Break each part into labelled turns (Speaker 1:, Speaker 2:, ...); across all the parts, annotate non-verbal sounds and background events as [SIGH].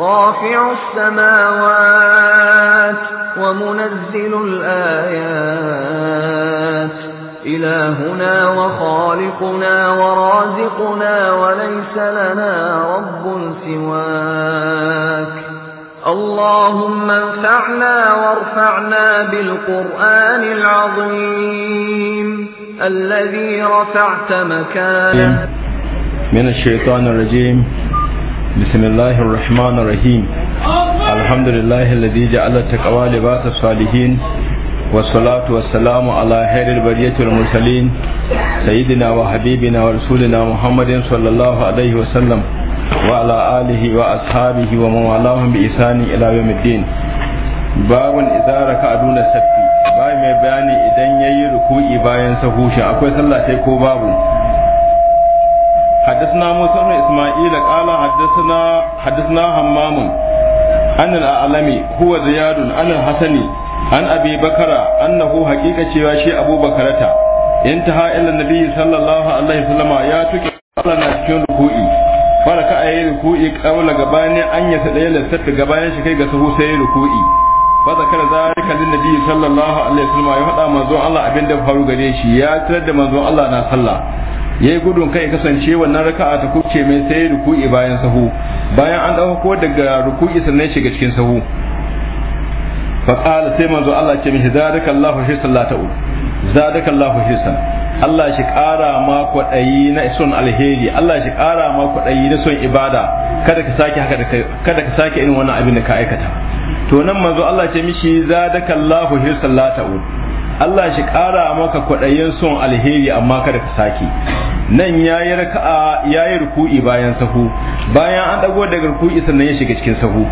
Speaker 1: رافع السماوات ومنزل الآيات إلهنا وخالقنا ورازقنا وليس لنا رب سواك اللهم انفعنا وارفعنا بالقرآن العظيم الذي رفعت مكانه
Speaker 2: من الشيطان الرجيم بسم الله الرحمن الرحيم الحمد لله الذي جعل التقوى لباس الصالحين والصلاة والسلام على خير البرية المرسلين سيدنا وحبيبنا ورسولنا محمد صلى الله عليه وسلم وعلى آله وأصحابه ومن والاهم بإحسان إلى يوم الدين باب إذا ركع دون السبت باي مي بياني إذا يي ركوعي باين سهوشا أكو صلاة كو بابو حدثنا موسى بن اسماعيل قال حدثنا حدثنا همام عن الاعلمي هو زياد عن الحسن عن ابي بكر انه حقيقه cewa شيء أبو بكرة انتهى الى النبي صلى الله عليه وسلم يا تكي قال نسكن ركوعي فركع اي ركوعي قبل غباني ان يتدعي للسفر غباني شي كاي غسو سي ركوعي فذكر ذلك للنبي صلى الله عليه وسلم يهدى منزو الله أبن دفعه غريشي يا ترد منزو الله نا نصلى ya yi gudun kai kasance wannan raka'a ta kuce mai sai ruku'i bayan sahu bayan an ɗauko daga ruku'i sannan shiga cikin sahu faƙala sai manzo Allah ce mishi zadaka Allahu hisan la ta'ud zadaka Allahu hisan Allah shi ƙara ma kwaɗayi na son alheri Allah shi ƙara ma kwaɗayi na son ibada kada ka sake haka kada ka sake irin wannan abin da ka aikata to nan manzo Allah ce mishi zadaka Allahu shi la ta'u. Allah shi ƙara maka kwaɗayin son alheri amma kada ka sake nan yayi raka'a yayi ruku'i bayan sahu bayan an dago daga ruku'i sannan ya shiga cikin sahu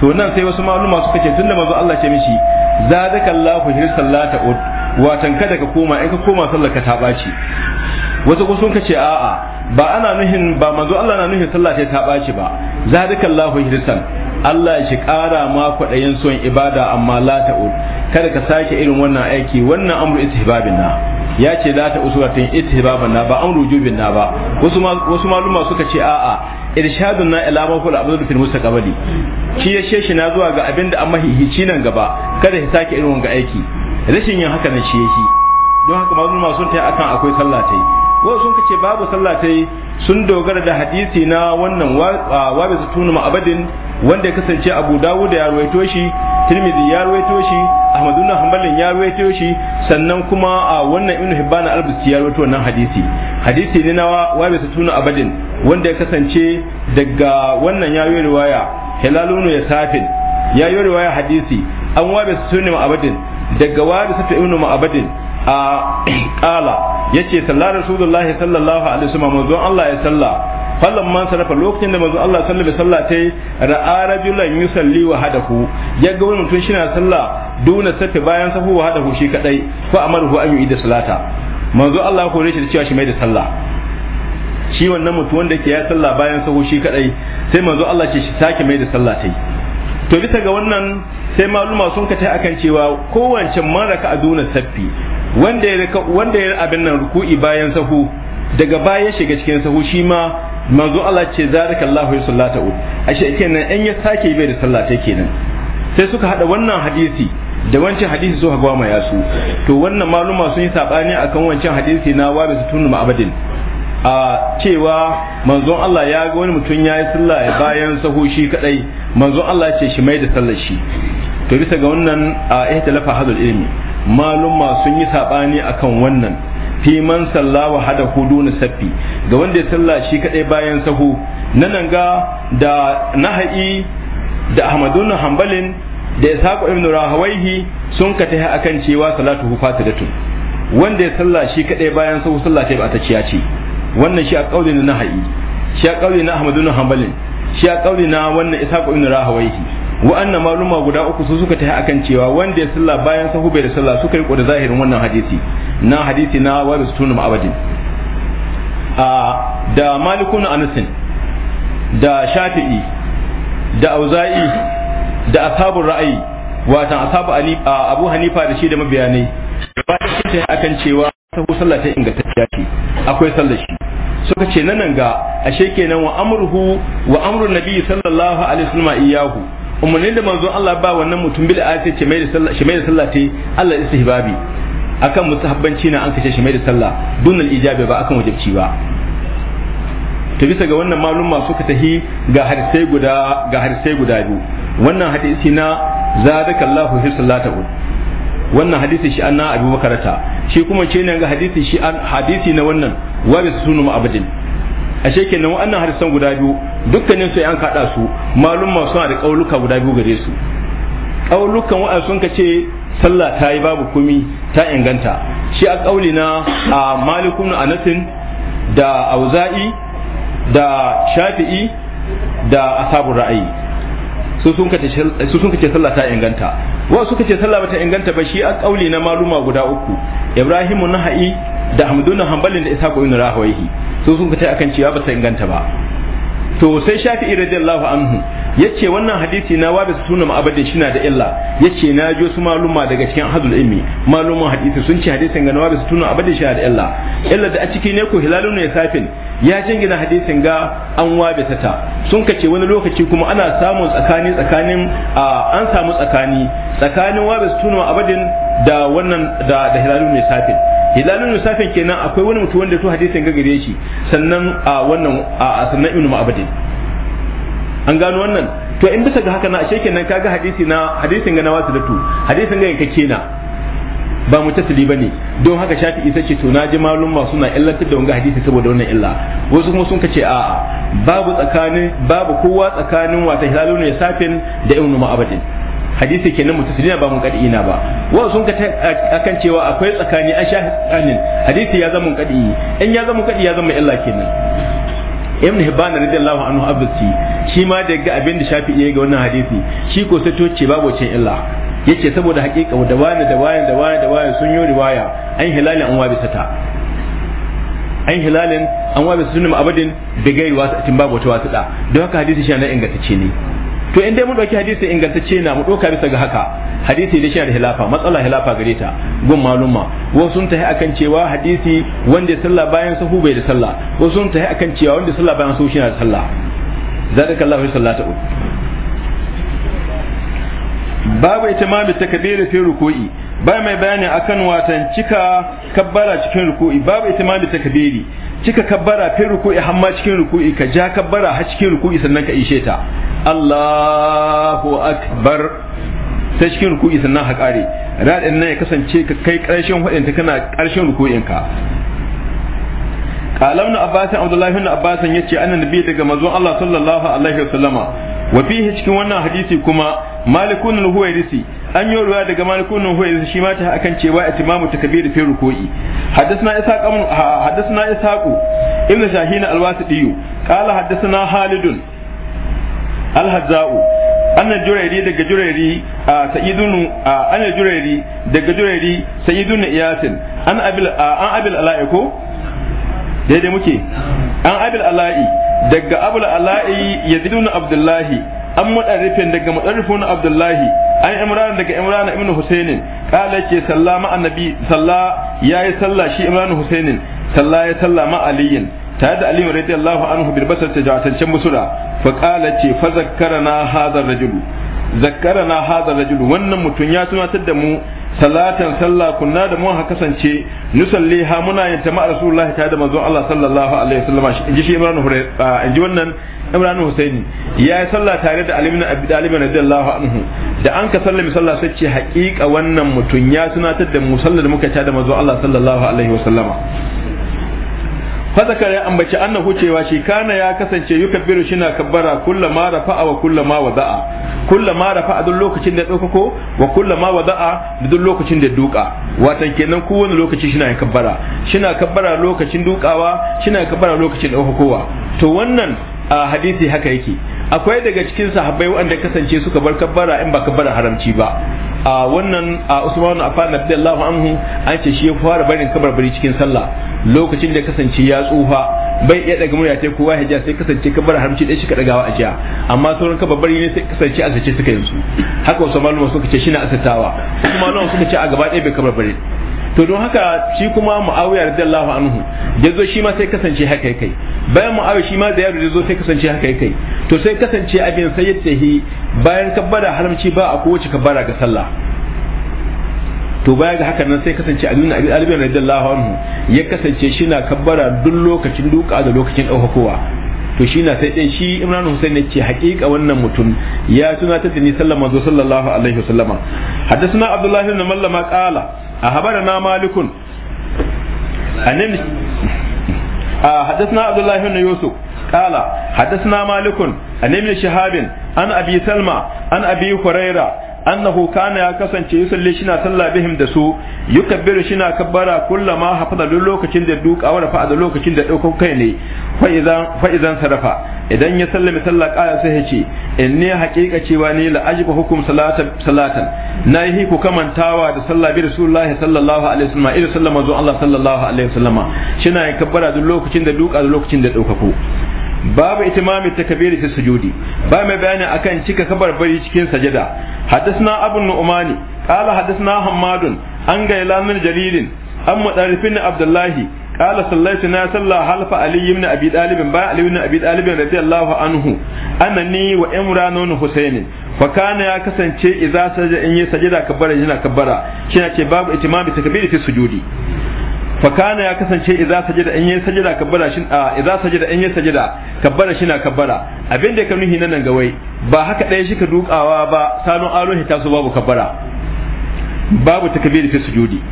Speaker 2: to nan sai wasu maluma suka ce tunda manzo Allah ce mishi zadaka Allahu hirsan la ta'ud watan kada ka koma in ka koma sallar ka ta ɓaci wasu ko sun kace a'a ba ana nuhin ba manzo Allah na nuhin sallah ta ɓaci ba zadaka hir hirsan Allah shi ƙara ma kwaɗayin son ibada amma la ta'ud kada ka sake irin wannan aiki wannan amru istihbabin na ya ce la ta usuratin istihbabin na ba amru jubin na ba wasu wasu maluma suka ce a'a irshadun na ila ma kula abdu fil mustaqbali shi ya sheshi na zuwa ga abinda an mahihici nan gaba kada ka sake irin wannan aiki rashin yin haka ne shi yake don haka maluma sun ta akan akwai sallah ta yi wasu sun kace babu sallah ta yi sun dogara da hadisi na wannan wa bi tunu abadin. wanda ya kasance Abu Dawud ya ruwaito shi Tirmidhi ya ruwaito shi Ahmad ibn Hanbal ya ruwaito shi sannan kuma a wannan Ibn Hibban al albusi ya ruwaito wannan hadisi hadisi ne na wa bi tunu abadin wanda ya kasance daga wannan ya yi riwaya hilalun ya safin ya yi riwaya hadisi an wa bi tunu abadin daga wa bi tunu abadin. A ce [CLEARS THROAT] yace sallallahu rasulullahi sallallahu alaihi wasallam manzo Allah ya salla fallan man sarrafa lokacin da manzo Allah sallallahu alaihi wasallam tai ra'a rajulan yusalli wa hadahu ya ga wani mutum na sallah duna safi bayan safu wa hadahu shi kadai fa amaruhu an da salata manzo Allah kore shi da cewa shi mai da sallah shi wannan mutum wanda ke ya sallah bayan safu shi kadai sai manzo Allah ce shi sake mai da sallah tai to bisa ga wannan sai maluma sun ka tai akan cewa kowace maraka a duna safi wanda ya yi ya abin nan ruku'i bayan sahu daga baya shiga cikin sahu shi ma manzo Allah ce zalika a yusallata ashe kenan in ya sake bai da sallah kenan sai suka hada wannan hadisi da wancan hadisi suka gwama ya su to wannan maluma sun yi sabani akan wancan hadisi na wa su tunu ma'abadin a cewa manzon Allah ya ga wani mutum ya yi sallah bayan sahu shi kadai manzon Allah ce shi mai da sallar shi to bisa ga wannan a ihtilafa hadal ilmi malumma sun yi sabani akan wannan fi man salla wa hada duna safi ga wanda ya salla shi kadai bayan sahu nan ga da naha'i da ahmadun hanbalin da ishaq ibn rahawaihi sun ka tahi akan cewa Salatu hu fatidatun wanda ya salla shi kadai bayan sahu salla ta ba ta ciya ce wannan shi a kaulin naha'i shi a kaulin ahmadun hanbalin shi a kaulin na wannan ishaq ibn rahawaihi wa'annan maluma guda uku su suka tafi akan cewa wanda ya sallah bayan sahu bai da sallah suka riko da zahirin wannan hadisi na hadisi na wa sutunu abadin. da malikun anasin da shafi'i da auza'i da ashabun ra'ayi watan ali abu hanifa da shi da mabiyanai ba ta ce akan cewa sahu sallah ta inganta ce akwai sallar shi suka ce nan ga ashe kenan wa amruhu wa amrun nabi sallallahu alaihi wasallam iyahu umarnin da manzon Allah ba wannan mutum bil ayati ce mai da sallah shi mai da sallah te Allah istihbabi akan mustahabbanci na an kace shi mai da sallah dunal ijabi ba akan wajibci ba to bisa ga wannan ma suka tahi ga harsai guda ga harsai guda biyu wannan hadisi na zadakallahu Allahu fi ul wannan hadisi shi anna abubakarata shi kuma ce ne ga hadisi shi an hadisi na wannan wa bi sunu abadin. ashe kenan wannan harsan guda biyu dukkanin su an kada su malum ma suna da kauluka guda biyu gare su kaulukan wa'a sun ce sallah ta yi babu kumi ta inganta shi a kauli na a malikum na anatin da auza'i da shafi'i da asabun ra'ayi su sun kace sallah ta inganta wa suka ce sallah bata inganta ba shi a kauli na maluma guda uku ibrahimu naha'i da Ahmadu Hanbalin da Ishaq ibn Rahawayhi su sun fita akan cewa ba ta inganta ba to sai Shafi'i radiyallahu anhu yace wannan hadisi na wa da sunan ma'abadin shi na da illa yace na jo su maluma daga cikin hadul ilmi maluman hadisi sun ce hadisin ga na su da ma'abadin shi na da illa illa da a ciki ne ko hilalun ne safin ya jingina hadisin ga an wabe ta sun kace wani lokaci kuma ana samun tsakani tsakanin an samu tsakani tsakanin wabe sunan ma'abadin da wannan da da hilalun ne safin hilalun lissafin kenan akwai wani mutum wanda to hadisin ga gare shi sannan a wannan a sannan ibnu ma'abadin an gano wannan to in bisa ga haka na ashe kenan kaga hadisi na hadisin ga na wasu da to hadisin ga yankake na ba mutasili bane don haka shafi isa ce to na ji malum masu na illatar da wanga hadisi saboda wannan illa wasu kuma sun kace a'a babu tsakanin babu kowa tsakanin wata hilalun lissafin da ibnu ma'abadin hadisi kenan mutasilina ba ina ba wa sun ka akan cewa akwai tsakani an sha hadisi ya zama kadi in ya zama kadi ya zama illa kenan ibn hibban radiyallahu anhu abdi shi ma da ga abin da shafi yayi ga wannan hadisi shi ko sai ce babu cin illa yace saboda hakika da wani da wani da wani da wani sun yi riwaya an hilalin an wabi sata an hilalin an wabi sunan abadin da gaiwa tun babu wata wasu da don haka hadisi shi na ingantacce ne to in dai mun dauki hadisi ingantacce na mu doka bisa ga haka hadisi da shi da hilafa matsala hilafa gare ta gun malumma wasu sun tahi akan cewa hadisi wanda sallah bayan sahu bai da sallah wasu sun tahi akan cewa wanda sallah bayan sahu shi na da sallah zalika Allahu sallata babu itimamu takbiri fi ruku'i ba mai bayani akan watan cika kabbara cikin ruku'i babu itimami takbiri cika kabbara fi ruku'i hamma cikin ruku'i ka ja kabbara har cikin ruku'i sannan ka ishe ta Allahu akbar ta cikin ruku'i sannan ha kare radin nan ya kasance ka kai karshen hudin ta kana karshen ruku'in ka qalamna abbasan abdullahi ibn abbasan yace annabi daga manzon Allah sallallahu alaihi wasallama wa fihi cikin wannan hadisi kuma malikun al-huwairisi an yi ruwa daga malikun al-huwairisi shi ma ta akan cewa itimamu takbir fi ruku'i haddathna ishaq haddathna ibn shahin al-wasiti qala haddathna halidun al-hazza'u anna jurayri daga jurayri anna jurayri daga jurayri iyasin an abil an abil daga abul ala'i yazid ibn abdullahi an mudarrifin daga mudarrifun abdullahi an imran daga imran ibn husainin ce yake ma annabi salla yayi salla shi imran husainin salla ya sallama aliyin tare da aliyu radiyallahu anhu bil basar ta jatancen musura fa qala ce fa zakkarana hadha rajulu zakkarana hadha rajulu wannan mutum ya tunatar da mu salatan sallah kunna da mun ha kasance nusalli ha muna yin ta ma rasulullahi ta da manzo Allah sallallahu alaihi wasallam inji shi Imran Hurayra ah, inji wannan Imran Husaini ya yi sallah tare da alimin Abi dalib radhiyallahu anhu da an ka sallami sallah sai ce hakika wannan mutun ya tunatar da mu sallar muka ta da manzo Allah sallallahu alaihi wasallama fa zakara ya ambaci annahu cewa shi kana ya kasance yukabbiru shi na kabbara kullama rafa'a wa kullama wada'a kullama rafa'a duk lokacin da ɗaukako wa kullama wada'a da duk lokacin da duka watan kenan kowane lokaci shi na kabbara shi na kabbara lokacin dukawa shi na kabbara lokacin ɗaukakowa to wannan a hadisi haka yake akwai daga cikin sahabbai wanda kasance suka bar kabbara in ba kabbara haramci ba a wannan a Usman Affan radiyallahu anhu an ce shi ya fara barin kabarbari cikin sallah lokacin da kasance ya tsufa bai iya daga murya sai kowa hijja sai kasance bar haramci da shi ka dagawa a jiya amma sauran kabarbari ne sai kasance asace suka yanzu haka Usman suka ce shi na asatawa Usman suka ce a gaba ɗaya bai kabarbari to don haka shi kuma muawiya radiyallahu anhu zo shi ma sai kasance haka kai bayan mu'awiyar shi ma da yaro zo sai kasance haka kai to sai kasance abin sayyid tahi bayan kabbara haramci ba a kowace kabbara ga sallah to baya ga haka nan sai kasance Ali bin Abi Talib radiyallahu anhu ya kasance shi na kabbara duk lokacin duka da lokacin daukakowa to shi na sai din shi Imran Hussein ne ce haƙiƙa wannan mutum ya tunatar da ni sallama zo sallallahu alaihi wasallama suna Abdullahi na Mallama qala أخبرنا مالك أنني حدثنا عبد الله بن يوسف قال حدثنا مالك عن ابن شهاب عن ابي سلمى عن ابي هريره annahu kana ya kasance yusalli shina sallah bihim da su yukabbiru shina kabbara kullama hafada duk lokacin da duka wa rafa da lokacin da daukar kai ne fa sarafa idan ya sallami sallah qala sai ya ce inni haqiqa cewa ni la hukum salatan salatan nahi ku kamantawa da sallah bi rasulullahi sallallahu alaihi wasallam ila sallama duk lokacin da duka da lokacin da babu itimami takbiri fi sujudi babu mai bayani akan cika kabarbari cikin sajada hadisna abu nu'mani qala hadisna hammadun an gaila min jaririn an mudarifin abdullahi قال صليت نا صلى خلف علي بن ابي طالب با علي بن ابي طالب رضي الله عنه انني وامران حسين فكان يا كسانce اذا سجد ان يسجد كبر هنا كبر شنا ce babu itimami takbiri fi sujudi fakana ya kasance idza sajada in yayi sajada kabbara shin idza sajada in yayi sajada kabbara shina kabbara abin da ka nuhi nan ga wai ba haka ɗaya shi ka dukawa ba sanu alohi ta su babu kabbara babu takbir fi sujudi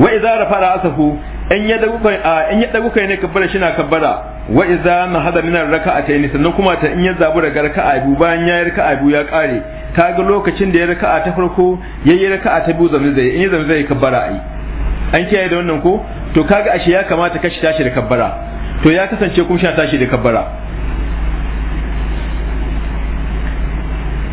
Speaker 2: wa idza rafa ra'sahu in ya dagu kai in ya dagu kai ne kabbara shina kabbara wa idza hada min raka'atayn sannan kuma ta in ya zabu daga raka'a biyu bayan ya raka'a biyu ya kare kaga lokacin da ya raka'a ta farko yayi raka'a ta biyu zamzai in ya zamzai kabbara ai an kiyaye da wannan ko to kaga ashe ya kamata kashi tashi da kabbara to ya kasance kuma sha tashi da kabbara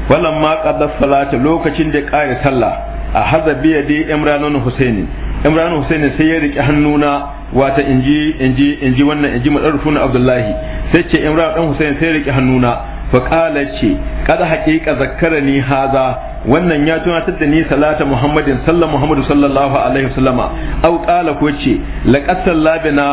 Speaker 2: wannan ma qadda salata lokacin da ƙare sallah a hazabi yadi imranun husaini imranun husaini sai ya riƙe hannuna wata inji inji inji wannan inji na abdullahi sai ce imran dan husaini sai ya riƙe hannuna fa qala ce qad haqiqa zakkarani haza wannan ya tunatar da ni salata muhammadin sallan muhammadu sallallahu alaihi wasallama au qala ko ce laqad sallabina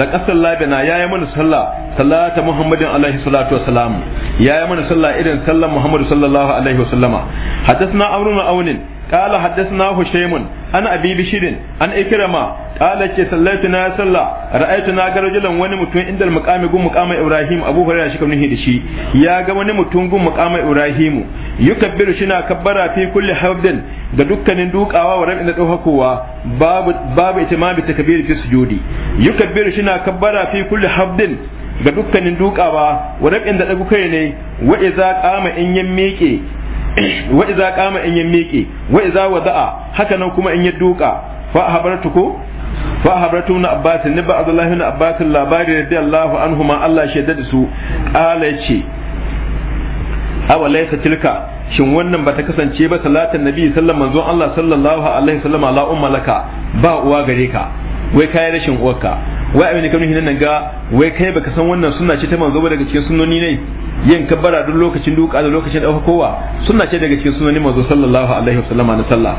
Speaker 2: laqad sallabina yayi mana sallah salata muhammadin alaihi salatu wassalam yayi mana sallah irin sallan muhammadu sallallahu alaihi wasallama hadathna amrun aunin قال حدثنا هشيم عن ابي بشير عن اكرمه قال كي صليتنا صلى رايتنا رجلا وني متون عند المقام غم مقام ابراهيم ابو هريره شي كمنه shi ya ga wani mutum gun maqama ibrahim yukabbiru shina kabbara fi kulli hawdin da dukkanin dukawa wa rabin da dauhakowa babu babu itimam bi takbir fi sujudi yukabbiru shina kabbara fi kulli hawdin ga dukkanin dukawa wa rabin da dagu kai ne wa iza qama in yan miƙe wa iza qama in ya miƙe wa iza wada'a haka nan kuma in ya duka fa habartu ko fa habartu na abbas ni ba abdullahi na abbas labari radiyallahu anhuma Allah shaida da su qala yace aw laysa tilka shin wannan bata kasance ba salatan nabi sallallahu manzon Allah sallallahu alaihi wasallam ala ummalaka ba uwa gare ka wai kai rashin uwarka wai abin da kamar hinan ga wai kai baka san wannan sunna ce ta manzo ba daga cikin sunnoni ne yin kabbara duk lokacin duka da lokacin dauka kowa sunna ce daga cikin sunnoni manzo sallallahu alaihi wasallama na sallah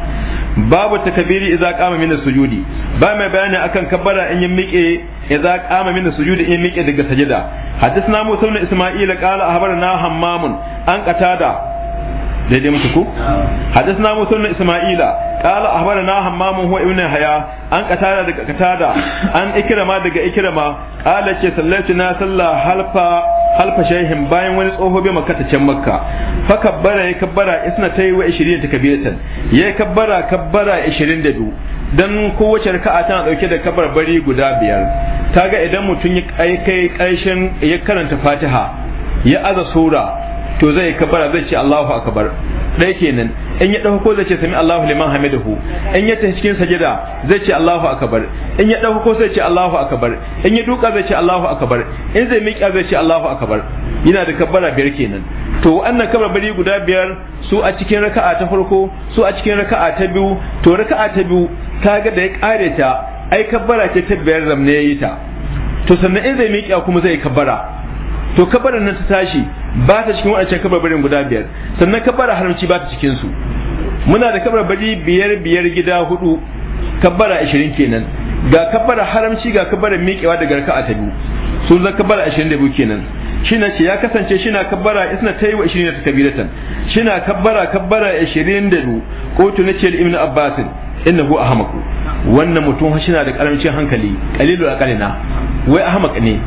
Speaker 2: babu takabiri idza qama min sujudi ba mai bayani akan kabbara in yin miƙe idza qama min sujudi in miƙe daga sajada hadisna musa ibn isma'il qala ahbarna hammamun an qatada daidai mutuku hadisna musa ibn isma'ila qala ahbarana hammamun huwa ibn haya an qatada daga qatada an ikrama daga ikrama qala ce sallaitu na salla halfa halfa shayhin bayan wani tsoho bai makka can makka fa kabbara ya kabbara isna tayi wa 20 takbiratan ya kabbara kabbara 22 dan kowace raka'a tana dauke da kabar guda biyar ta ga idan mutum ya kai karshen ya karanta fatiha ya aza sura to zai kabara zai ce Allahu akbar dai kenan in ya dauko zai ce sami Allahu liman hamiduhu in ya tashi cikin sajida zai ce Allahu akbar in ya dauko sai ce Allahu akbar in ya duka zai ce Allahu akbar in zai miƙa zai ce Allahu akbar yana da kabara biyar kenan to wannan bari guda biyar su a cikin raka'a ta farko su a cikin raka'a ta biyu to raka'a ta biyu kaga da ya kare ta ai kabbara ce ta biyar zamne yi ta to sannan in zai miƙa kuma zai kabbara to kabarin nan ta tashi ba ta cikin waɗancan kabarbarin guda biyar sannan kabara haramci ba ta cikin su muna da kabarbari biyar biyar gida hudu kabara ashirin kenan ga kabara haramci ga kabara miƙewa daga raka a tabi. sun zan kabara ashirin da biyu kenan shina ce ya kasance shina kabara, isna ta yi wa ishirin ta kabiratan shina kabara kabara ishirin da du kotu na ciyar ibn abbasin inna hu ahamaku wannan mutum shina da karamcin hankali kalilu a wai ahamak ne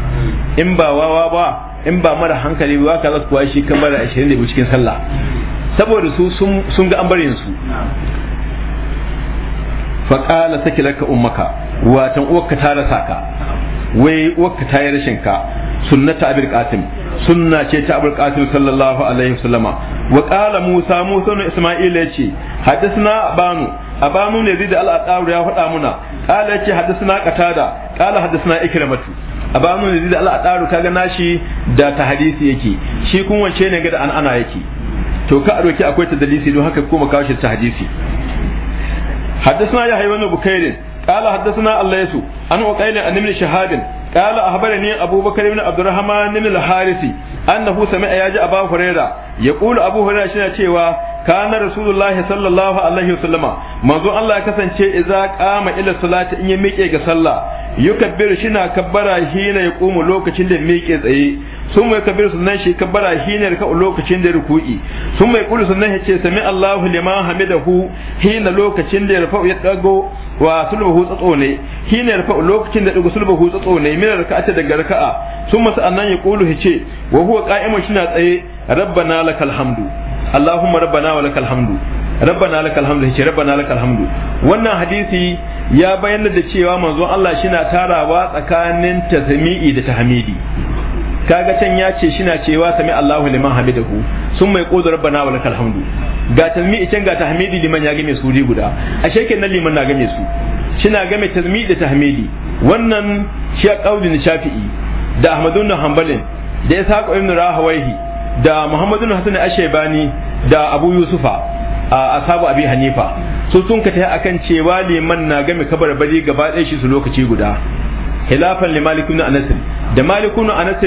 Speaker 2: in ba wawa ba in ba mara hankali ba ka zasu kwashi shi kan mara 20 cikin sallah saboda su sun ga ambarin su Fa qala laka ummaka watan uwarka ta rasa ka wai uwarka ta yi rashin ka sunnata abul qasim sunna ce ta abul qasim sallallahu alaihi wasallama wa qala musa musa ne ya yace hadisna banu abanu ne zai da al'adaru ya faɗa muna qala yace hadisna qatada qala hadisna ikramatu a ba mu da Allah a tsaro ka gana shi da ta hadisi yake shi kun wance ne ga da ana yake to ka roki akwai ta dalisi don haka kuma kawo shi ta hadisi na ya haywanu bukhari qala hadisna Allah yasu an uqaila an min shahadin qala ahbarani Abu Bakar ibn Abdul Rahman ibn al-Harithi annahu sami'a ya ji Abu Hurairah yaqulu Abu Hurairah shi na cewa kana rasulullahi sallallahu alaihi wasallama manzo Allah ya kasance idza qama ila salati in ya miƙe ga sallah yukabbiru shina kabbara hina yaqumu lokacin da miƙe tsaye sun mai kabir sunan shi kabbara hina ka lokacin da ruku'i sun mai kulu sunan shi ce sami Allahu liman hamidahu hina lokacin da rafa ya dago wa sulbahu tsatso ne hina rafa lokacin da dago sulbahu tsatso ne min raka'ata daga raka'a sun masa annan ya kulu ya ce wa huwa qa'imun shina tsaye rabbana lakal hamdu Allahumma rabbana wa lakal hamdu rabbana lakal hamdu ce rabbana lakal hamdu wannan hadisi ya bayyana da cewa manzon Allah shina tarawa tsakanin tasmi'i da tahmidi kaga can ya ce shina cewa sami Allahu liman hamidahu sun mai qudu rabbana wa lakal hamdu ga tasmi'i can ga tahmidi liman ya game su guda ashe kenan liman na game su shina game tasmi'i da tahmidi wannan shi ya ni Shafi'i da Ahmadu ibn Hanbalin da ya Ishaq ibn Rahawayhi da muhammadu Hassan Ashaibani da abu yusufa a asabu abi hanifa su sun ka akan cewa liman na game kabar bari gaba ɗaya shi su lokaci guda Hilafan li malikun anas da malikun anas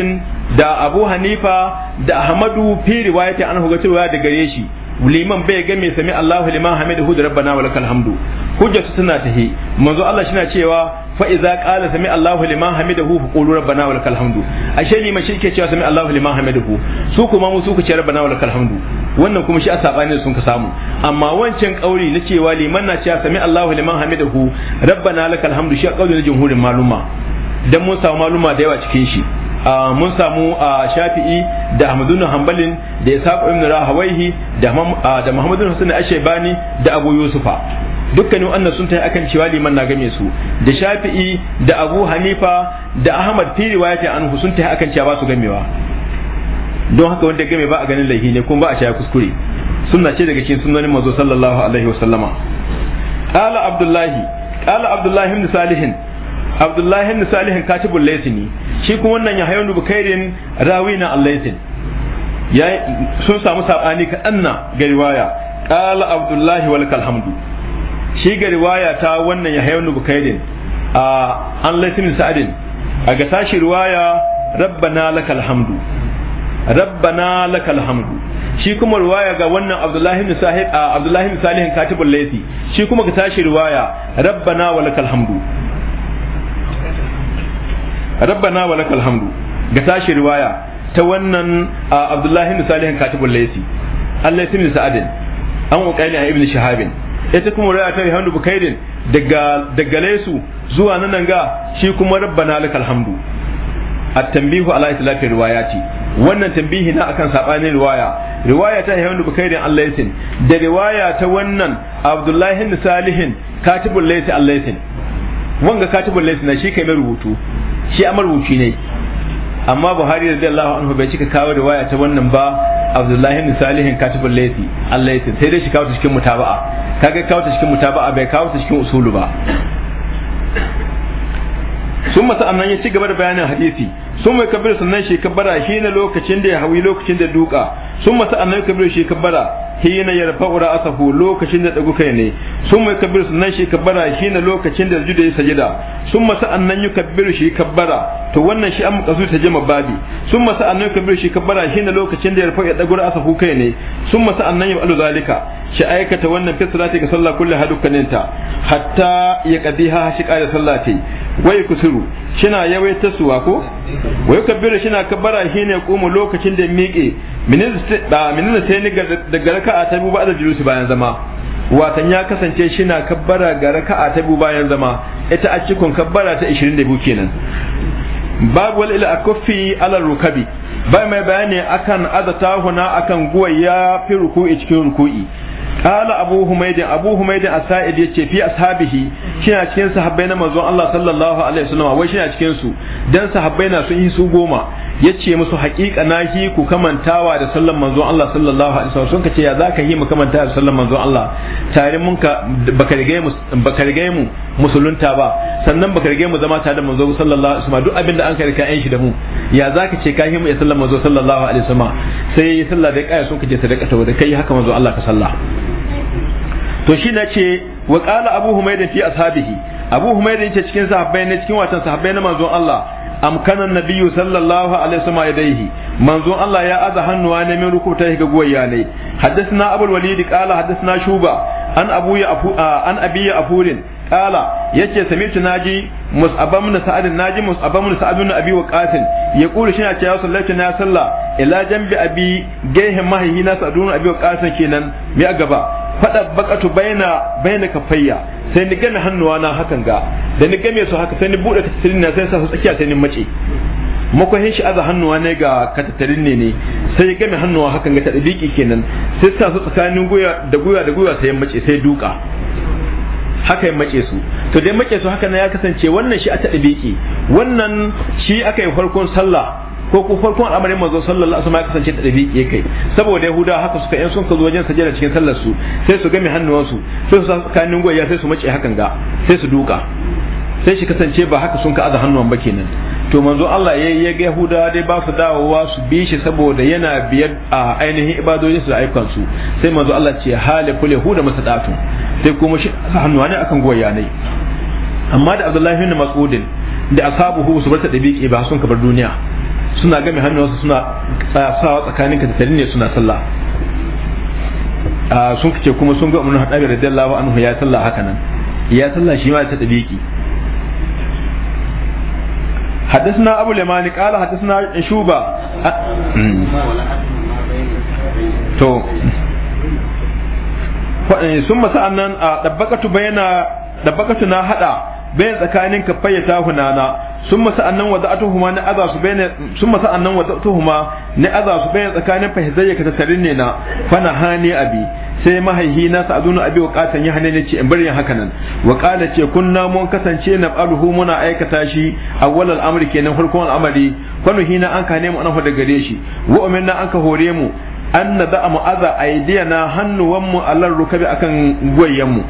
Speaker 2: da abu hanifa da ahmadu fi riwayati an huga cewa da gare shi liman bai ga mai sami Allahu liman hamidu da rabbana wa lakal hamdu hujjatu tana tahi manzo Allah na cewa fa idza qala sami Allahu liman hamidahu fa qulu rabbana wa lakal hamdu ashe ma shi ke cewa sami Allahu liman hamidahu su kuma mu su ku ce rabbana wa lakal hamdu wannan kuma shi a sabani sun ka samu amma wancan kauri na cewa liman na cewa sami Allahu liman hamidahu rabbana lakal hamdu shi a kauli na jumhurin maluma dan mun samu maluma da yawa cikin shi mun samu a shafi'i da ahmadun hanbalin da ya saƙo ibn rahawaihi da muhammadun hasan ashebani da abu yusufa dukkanin wannan sun tafi akan cewa liman na game su da shafi'i da abu hanifa da ahmad fi riwayati anhu sun tafi akan cewa ba su gamewa don haka wanda game ba a ganin laifi ne kuma ba a shaya kuskure sunna ce daga cikin sunanin manzo sallallahu alaihi wasallama qala abdullahi qala abdullahi ibn salihin abdullahi ibn salihin katibul laysini shi kuma wannan ya hayyun bukairin rawina al-laysin sun samu sabani kaɗan na ga riwaya qala abdullahi wa lakal hamdu shi ga riwaya ta wannan ya hayyanu bukairin a an laifin sa'adin a ga sashi riwaya rabbana lakal hamdu rabbana lakal hamdu shi kuma riwaya ga wannan abdullahi bin sahib a abdullahi bin salihin katibul laythi shi kuma ga tashi riwaya rabbana walakal lakal hamdu rabbana walakal lakal hamdu ga tashi riwaya ta wannan abdullahi bin salihin katibul laythi Allah ibn sa'adin an a ibn shahabin ita kuma raya ta hamdu bukairin daga daga lesu zuwa nan ga shi kuma rabbana lakal hamdu at-tanbihu ala itlafi riwayati wannan tambihi na akan sabanin riwaya riwaya ta hamdu bukairin yasin da riwaya ta wannan abdullahi bin salihin katibul laysi yasin wanga katibul laysi na shi kai mai rubutu shi amar rubuci ne amma buhari radiyallahu anhu bai cika kawo riwaya ta wannan ba abdullahi bin salihin katibul layti allayti sai dai shi kawo cikin mutaba'a kaga kawo cikin mutaba'a bai kawo cikin usulu ba sun masa annan ya ci gaba da bayanin hadisi sun mai kabir sannan shi kabbara shi ne lokacin da ya hawi lokacin da duka sun masa annan kabir shi kabbara hina ya yarfa'u ra'sahu lokacin da dagu kai ne sun mai summa yukabbiru nan shi kabbara shi na lokacin da jude ya sajida sun masa annan sa'annan yukabbiru shi kabbara to wannan shi an muka mukasu ta jima babi sun summa sa'annan yukabbiru shi kabbara shi na lokacin da ya rafa ya dagu ra'sahu kai ne sun masa annan sa'annan yaf'alu zalika shi aikata wannan fi salati ga sallah kullu hadukaninta hatta ya qadiha shi qala sallati wai kusuru shina yawaita suwa ko wai kabbira shina kabbara shine kuma lokacin da miƙe minin sai ni daga raka'a a biyu ba da julusi bayan zama watan ya kasance shina kabbara ga raka a biyu bayan zama ita a cikin kabbara ta 22 kenan babu wal ila akuffi ala rukabi bai mai bayani akan azata na akan guwaya fi ruku'i cikin ruku'i قال ابو حميد ابو حميد السائد yace fi ashabihi kina cikin sahabbai na manzon Allah sallallahu alaihi wasallam wai a cikin su dan sahabbai na sun yi su goma yace musu haƙiƙa nahi ku kamantawa da sallan manzon Allah sallallahu alaihi wasallam kace ya zaka yi mu kamanta da sallan manzon Allah tare mun ka baka rigai mu baka rigai mu musulunta ba sannan baka rigai mu zama tare da manzon sallallahu alaihi wasallam duk abinda an kai ka yan shi da mu ya zaka ce ka yi mu ya sallan manzon sallallahu alaihi wasallam sai sallah da kai sun kace sadaka ta kai haka manzon Allah ka sallah to shi na ce wa ƙala abu humaydin fi ashabihi abu humaydin ce cikin sahabbai ne cikin watan sahabbai na manzon Allah amkanan nabiyyu sallallahu alaihi wasallam yadayhi manzon Allah ya aza hannuwa ne min rukuta ga guwaya ne haddathna abul walid qala haddathna shuba an abu ya afu an abi ya afurin qala yace sami'tu naji mus'abam na sa'ad naji mus'abam na sa'ad ibn abi waqatin yaqulu shi ce ya sallatu na salla ila jambi abi gaihin mahihi na sa'adun abi waqatin kenan mai gaba faɗa bakatu baina baina kafayya sai ni gane hannuwa na hakan ga da ni game su haka sai ni buɗe tattalin na sai sa su tsakiya sai ni mace makwahin shi aza hannuwa ne ga katattarin ne ne sai ya game hannuwa hakan ga tadabiki kenan sai sa su tsakanin guya da guya da guya sai mace sai duka haka ya mace su to dai mace su haka na ya kasance wannan shi a tadabiki wannan shi aka yi farkon sallah ko ko farkon al'amarin manzo sallallahu alaihi wasallam ya kasance da dabi'i kai saboda yahuda haka suka yan sun ka zo wajen sajada cikin sallar su sai su game hannuwansu sai su saka kanin goyya sai su mace hakan ga sai su duka sai shi kasance ba haka sun ka aza hannuwan ba kenan to manzo Allah ya ya ga Yahuda dai ba su dawowa su bi shi saboda yana biyar a ainihin ibadojin su da ayyukan su sai manzo Allah ce halikul yahuda masadatu sai kuma shi hannuwa ne akan goyya ne amma da Abdullahi ibn Mas'udin da ashabuhu su bar ta dabiki ba sun ka bar duniya suna game hannuwansu suna tsayasawa tsakanin ka da ne suna sallah a sun kace kuma sun ga umarnin haɗabi radiyallahu anhu ya sallah haka nan ya sallah shi ma ta tabiki حدثنا abu lemani قال حدثنا شوبة to eh, sun masa annan a dabbakatu bayana dabbakatu na haɗa bayan tsakanin kafayya hunana summa sa'annan wada'atuhuma na aza su na aza su tsakanin fahizayya ka tattarin ne na fana hani abi sai mahaihi na sa'adunu abi wa qatan ya hanane ce in barin hakanan wa qala ce kunna mun kasance na aluhu muna aikata shi awwal al kenan farkon al'amari kwanu hina an kane mu an hoda gare shi wa umirna an ka hore mu an na da mu aza aidiyana hannuwanmu alar rukabi akan gwayenmu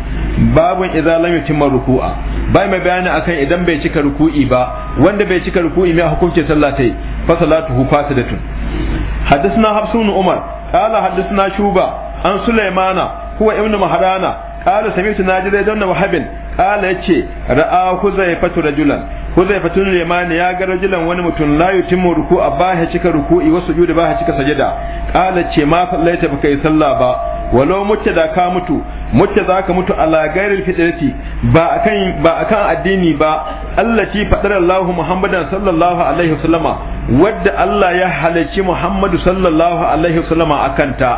Speaker 2: babun idza lam yutimma ruku'a bai mai bayani akan idan bai cika ruku'i ba wanda bai cika ruku'i mai hukunci sallatai fa salatuhu fasidatun حدثنا حفص Umar عمر قال حدثنا shuba an سليمان هو ابن qala sami'tu najida ibn wahabin qala yace ra'a huzaifatu rajulan huzaifatu yamani ya ga rajulan wani mutum la yutimmu ruku'a ba ya cika ruku'i wa sujudi ba ya cika sajada qala ce ma sallaita baka yi sallah ba walau mutta da ka mutu mutu za ka mutu ala gairil fitrati ba akan ba akan addini ba Allah allati fadara Allahu Muhammadan sallallahu alaihi wasallama wadda Allah ya halicci Muhammadu sallallahu alaihi wasallama akan ta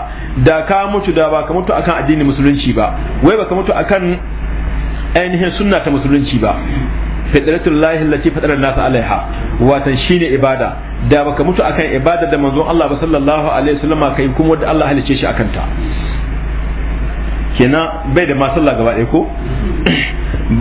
Speaker 2: da ka mutu da ba ka mutu akan addini musulunci ba wai ba ka mutu akan ainihin sunna ta musulunci ba fitratul lahi allati fatara an-nas alaiha watan shine ibada da baka mutu akan ibada da manzon Allah ba sallallahu alaihi wasallama kai kuma wadda Allah halice shi akan ta kenan bai da masalla gaba ɗaya ko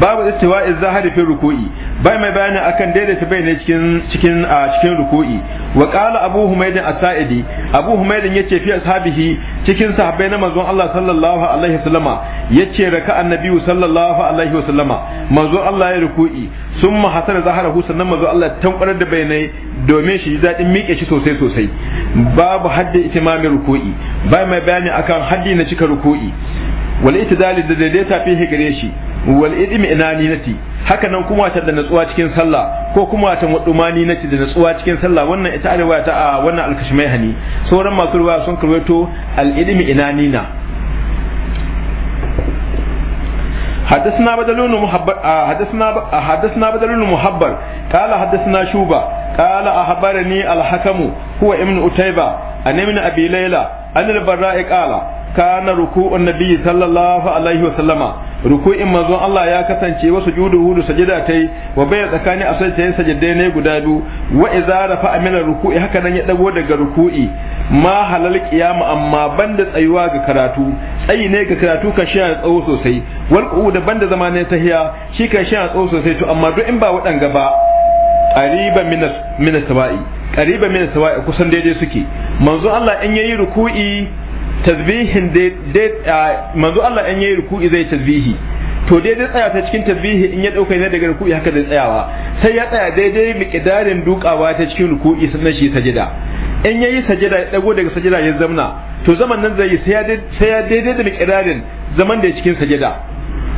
Speaker 2: babu istiwa zahari fi ruku'i bai mai bayani akan daidaita bai ne cikin cikin a cikin ruku'i wa qala abu humaydin as-sa'idi abu humaydin yace fi ashabihi cikin sahabbai na manzon Allah sallallahu alaihi wasallama yace raka annabi sallallahu alaihi wasallama manzon Allah ya ruku'i summa hasara zaharahu sannan manzon Allah ya tankwarar da bayanai domin shi dadin miƙe shi sosai sosai babu haddi itimamin ruku'i bai mai bayani akan haddi na cika ruku'i wal itidali da daidaita fi gare shi wal inani nati haka nan kuma ta da natsuwa cikin sallah ko kuma ta mudumani nati da natsuwa cikin sallah wannan ita alwaya ta a wannan alkashmai hani sauran masu ruwa sun karwato al na inanina حدثنا بدل بن محبر حدثنا حدثنا بدل بن محبر قال حدثنا شوبة قال أخبرني الحكم هو ابن أتيبة أن ابن أبي ليلى أن البراء قال kana ruku'un nabi sallallahu alaihi wa sallama ruku'in manzon Allah ya kasance wasu juduhu da sajida tai wa bai tsakani a sai tayin sajidai ne guda biyu wa idza rafa min ruku'i haka nan ya dago daga ruku'i ma halal qiyama amma banda tsayuwa ga karatu tsayi ne ga karatu ka a tsawo sosai wal qu'uda banda zamanin tahiya shi ka a tsawo sosai to amma duk in ba waɗanga ba qariban min as-sawa'i qariban min as kusan daidai suke manzon Allah in yayi ruku'i tasbihin dai manzo Allah in yayi ruku'i zai tasbihi to dai dai tsaya ta cikin tasbihi in ya dauka ne daga ruku'i haka zai tsayawa sai ya tsaya daidai miqdarin dukawa ta cikin ruku'i sannan shi sajida in yayi sajida ya dago daga sajida ya zamna to zaman nan zai sai sai ya daidai da miqdarin zaman da cikin sajida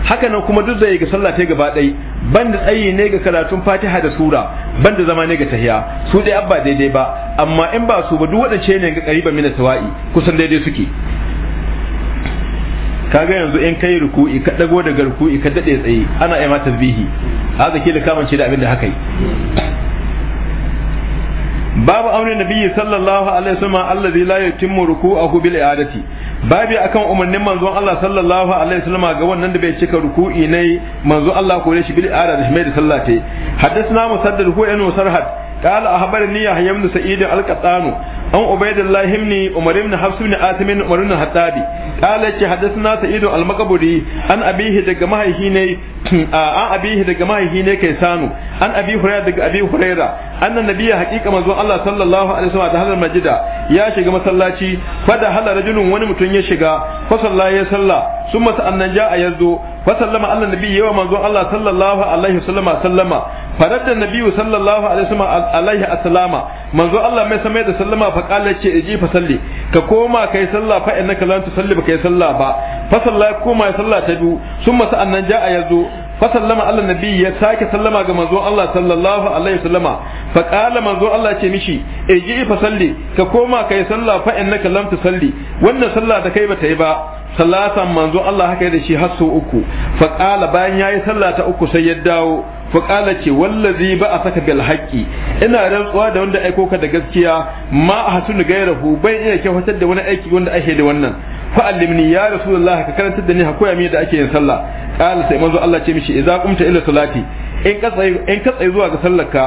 Speaker 2: haka nan kuma duk da ga sallah ta gaba ɗai ban da tsayi ne ga karatun fatiha da sura banda zama ne ga tahiya su dai abba daidai ba amma in ba su ba duk waɗance ne ga ƙariban mina tawa'i kusan daidai suke kaga yanzu in kai ruku'i ka dago daga ruku'i ka dade tsaye ana yi mata bihi haka ke da kamance da abin da haka yi babu na biyu sallallahu alaihi wasallam allazi la yutimmu ruku'ahu bil i'adati babu akan umarnin manzon Allah sallallahu alaihi wasallam ga wannan da bai cika ruku'i ne manzon Allah kore shi bil da mai da sallate haddathna musaddad huwa ibn sarhad قال أخبرني يحيى بن سعيد القطان عن عبيد الله بن عمر بن حفص بن عاصم عمر بن الخطاب قال حدثنا سعيد المقبري عن أبيه دغ مهيني عن أبيه دغ مهيني كيسانو عن أبي هريرة دغ أبي هريرة أن النبي حقيقة مزون الله صلى الله عليه وسلم دخل المسجد يا شيخ مسلاتي فدخل رجل وني متون يا شيخ فصلى يا صلى ثم أن جاء يزو فسلم على النبي يوم مزون الله صلى الله عليه وسلم سلم faradda Nabiyu sallallahu alaihi wasallam manzo Allah mai samai da sallama fa kala ce iji fa salli ka koma kai sallah fa innaka lan tusalli ba kai sallah ba fa salla koma ya sallah ta biyu summa sa'annan ja'a yazo fa sallama Allah nabiyyi ya sake sallama ga manzo Allah sallallahu alaihi wasallama fa kala manzo Allah ce mishi iji fa salli ka koma kai sallah fa innaka lam tusalli wannan sallah da kai ba ta yi ba salatan manzo Allah haka da shi har sau uku fa qala bayan yayi sallah ta uku sai ya dawo fa qala ce wallazi ba a saka bil haqqi ina rantsuwa da wanda aiko ka da gaskiya ma a hasunu gairahu bai ina kyautar da wani aiki wanda ake da wannan fa allimni ya rasulullahi ka karantar da ni ha koya da ake yin sallah qala sai manzo Allah ce mishi idza qumta ila salati in ka in ka tsaye zuwa ga sallarka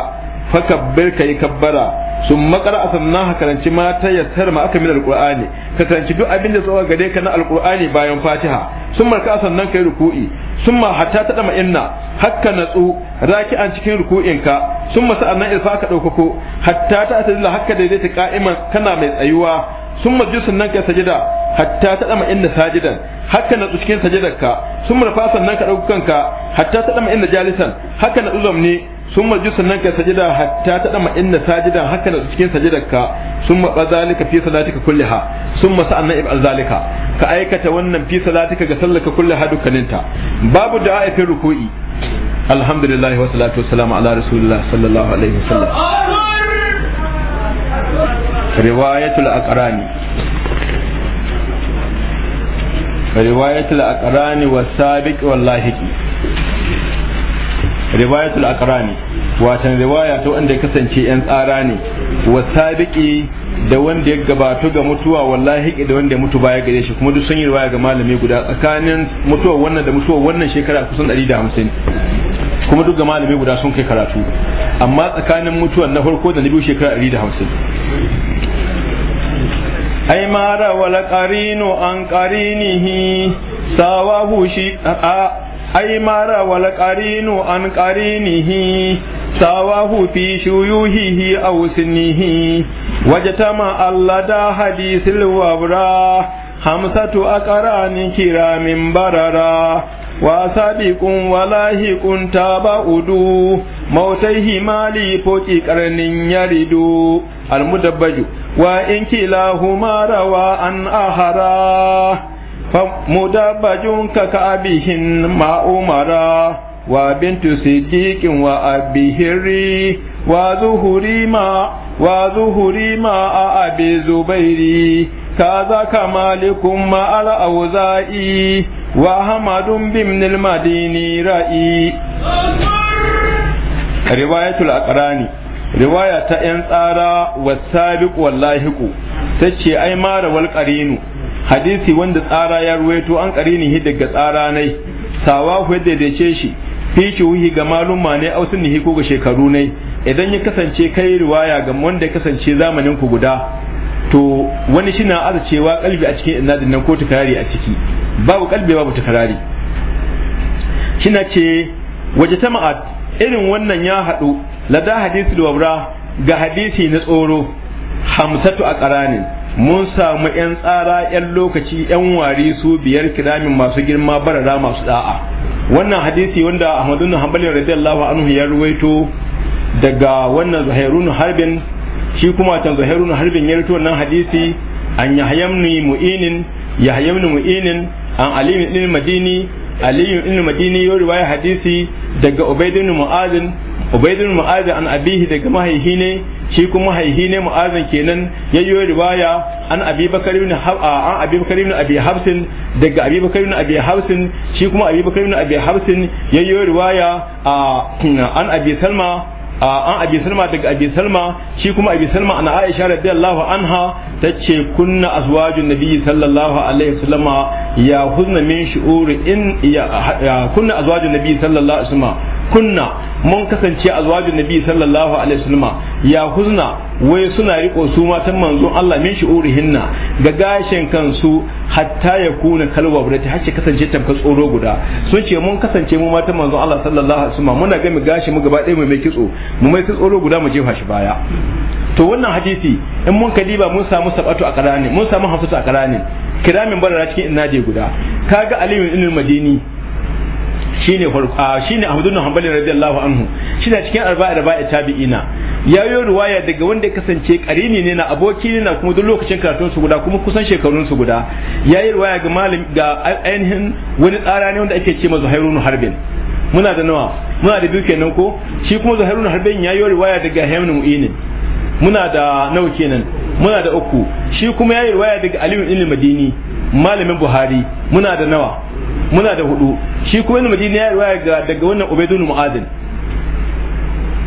Speaker 2: fa kabbir kai kabbara sun makara asanna karanci ma ta yassar ma aka min alƙur'ani. ka karanci duk abin da tsawa gare ka na alƙur'ani bayan fatiha sun marka a sannan kai ruku'i sun ma hatta ta dama inna hakka natsu raki'an cikin ruku'in ka sun ma sa'annan irfa ka daukako hatta ta atadilla hakka daidaita qa'iman kana mai tsayuwa sun ma jusun nan kai sajida hatta ta dama inna sajidan hakka natsu cikin sajidar ka sun marfa sannan ka dauko kanka hatta ta dama inna jalisan hakka natsu zamne sun maji sannan ka sajida hatta ta dama inna sajidan haka na cikin sajidar ka sun maɓa zalika fi salatika ha sun masa annan ibal zalika ka aikata wannan fi salatika ga sallaka kulliha dukkaninta babu da aifin ruku'i alhamdulillah wa salatu wa salamu ala rasulillah sallallahu alaihi wa sallam riwayatul aqrani riwayatul aqrani was sabiq wal lahiqi riwayatul aqrani watan riwaya ta wanda ya kasance yan tsara ne wasabiqi da wanda ya gabatu ga mutuwa wallahi da wanda ya mutu baya gare shi kuma duk sun yi riwaya ga malami guda tsakanin mutuwa wannan da mutuwa wannan shekara kusan 150 kuma duk ga malami guda sun kai karatu amma tsakanin mutuwa na farko da na biyu shekara 150 ai mara wala qarinu an qarinihi sawahu shi a ai mara wal qarinu an qarinihi sawahu fi shuyuhihi aw sinnihi wajtama allada hadithil wabra hamsatu aqrani kiramin barara wa sabiqun taba udu, mautaihi mali foki karnin yaridu almudabbaju wa in kilahuma rawa an ahara فمدبجون ككأبهن ما أمرا وبنت صديق وأبيهري وزهري ما وزهري ما أبي زبيري كذاك مالك ما الأوزائي وأحمد بمن المديني رأي رواية الأقراني رواية أنصار والسابق واللاهق تشي أي مار والقرينو hadisi wanda tsara ya ruwaito an karini daga tsara nai sawa ku ce shi fi shuhi ga ma ne au sunnihi ko ga shekaru nai idan ya kasance kai riwaya ga wanda ya kasance zamanin ku guda to wani shi na cewa kalbi a cikin inadin nan ko tukarari a ciki babu kalbi babu shi shina ce waje ta ma'ad irin wannan ya haɗu lada hadisi da wabra ga hadisi na tsoro hamsatu a ƙaranin mun samu yan tsara yan lokaci yan wari su biyar kiramin masu girma barara masu da'a wannan hadisi wanda Ahmadu bin Hanbali radiyallahu anhu ya ruwaito daga wannan Zuhairun Harbin shi kuma can Zuhairun Harbin ya ruwaito wannan hadisi an yahyamni mu'inin yahyamni mu'inin an Ali ibn Madini Ali ibn Madini ya riwaya hadisi daga Ubayd ibn ubaidun mu'azin an abihi daga mahaihi ne shi kuma mahaihi ne kenan yayyo riwaya an abi bakar ibn an abi bakar ibn abi hafsin daga abi bakar ibn abi hafsin shi kuma abi bakar ibn abi hafsin yayyo riwaya an abi salma an abi salma daga abi salma shi kuma abi salma ana aisha radiyallahu anha tace kunna azwajun nabiyyi sallallahu alaihi wasallam ya huzna min shu'uri in ya kunna azwajun nabiyyi sallallahu alaihi wasallam kunna mun kasance zuwajin nabi sallallahu alaihi wasallam ya huzna wai suna riko su matan manzo Allah min shi'urihinna ga gashin kansu hatta ya kuna kalwa burati har ce kasance tamka tsoro guda sun ce mun kasance mu matan manzo Allah sallallahu alaihi wasallam muna ga mu gashi mu gaba ɗaya mu mai kitso mu mai tsoro guda mu jefa shi baya to wannan hadisi in mun kadiba mun samu sabatu a karani mun samu hamsatu a karani kiramin barara cikin inna guda kaga aliyu ibn madini shine farko shine Ahmad ibn Hanbal radiyallahu anhu shine cikin arba'a da ba'i tabi'ina yayo riwaya daga wanda ya kasance karini ne na aboki ne na kuma duk lokacin karatun su guda kuma kusan shekarun su guda yayi riwaya ga malam ga ainihin wani tsara ne wanda ake ce masa Hairun Harbin muna da nawa muna da biyu kenan ko shi kuma Zuhairun Harbin yayo riwaya daga Hayyan Mu'inin muna da nawa kenan muna da uku shi kuma yayi riwaya daga Aliyu ibn Madini malamin Buhari muna da nawa muna da hudu shi kuma ibn madina ya riwaya ga daga wannan ubaydun mu'adin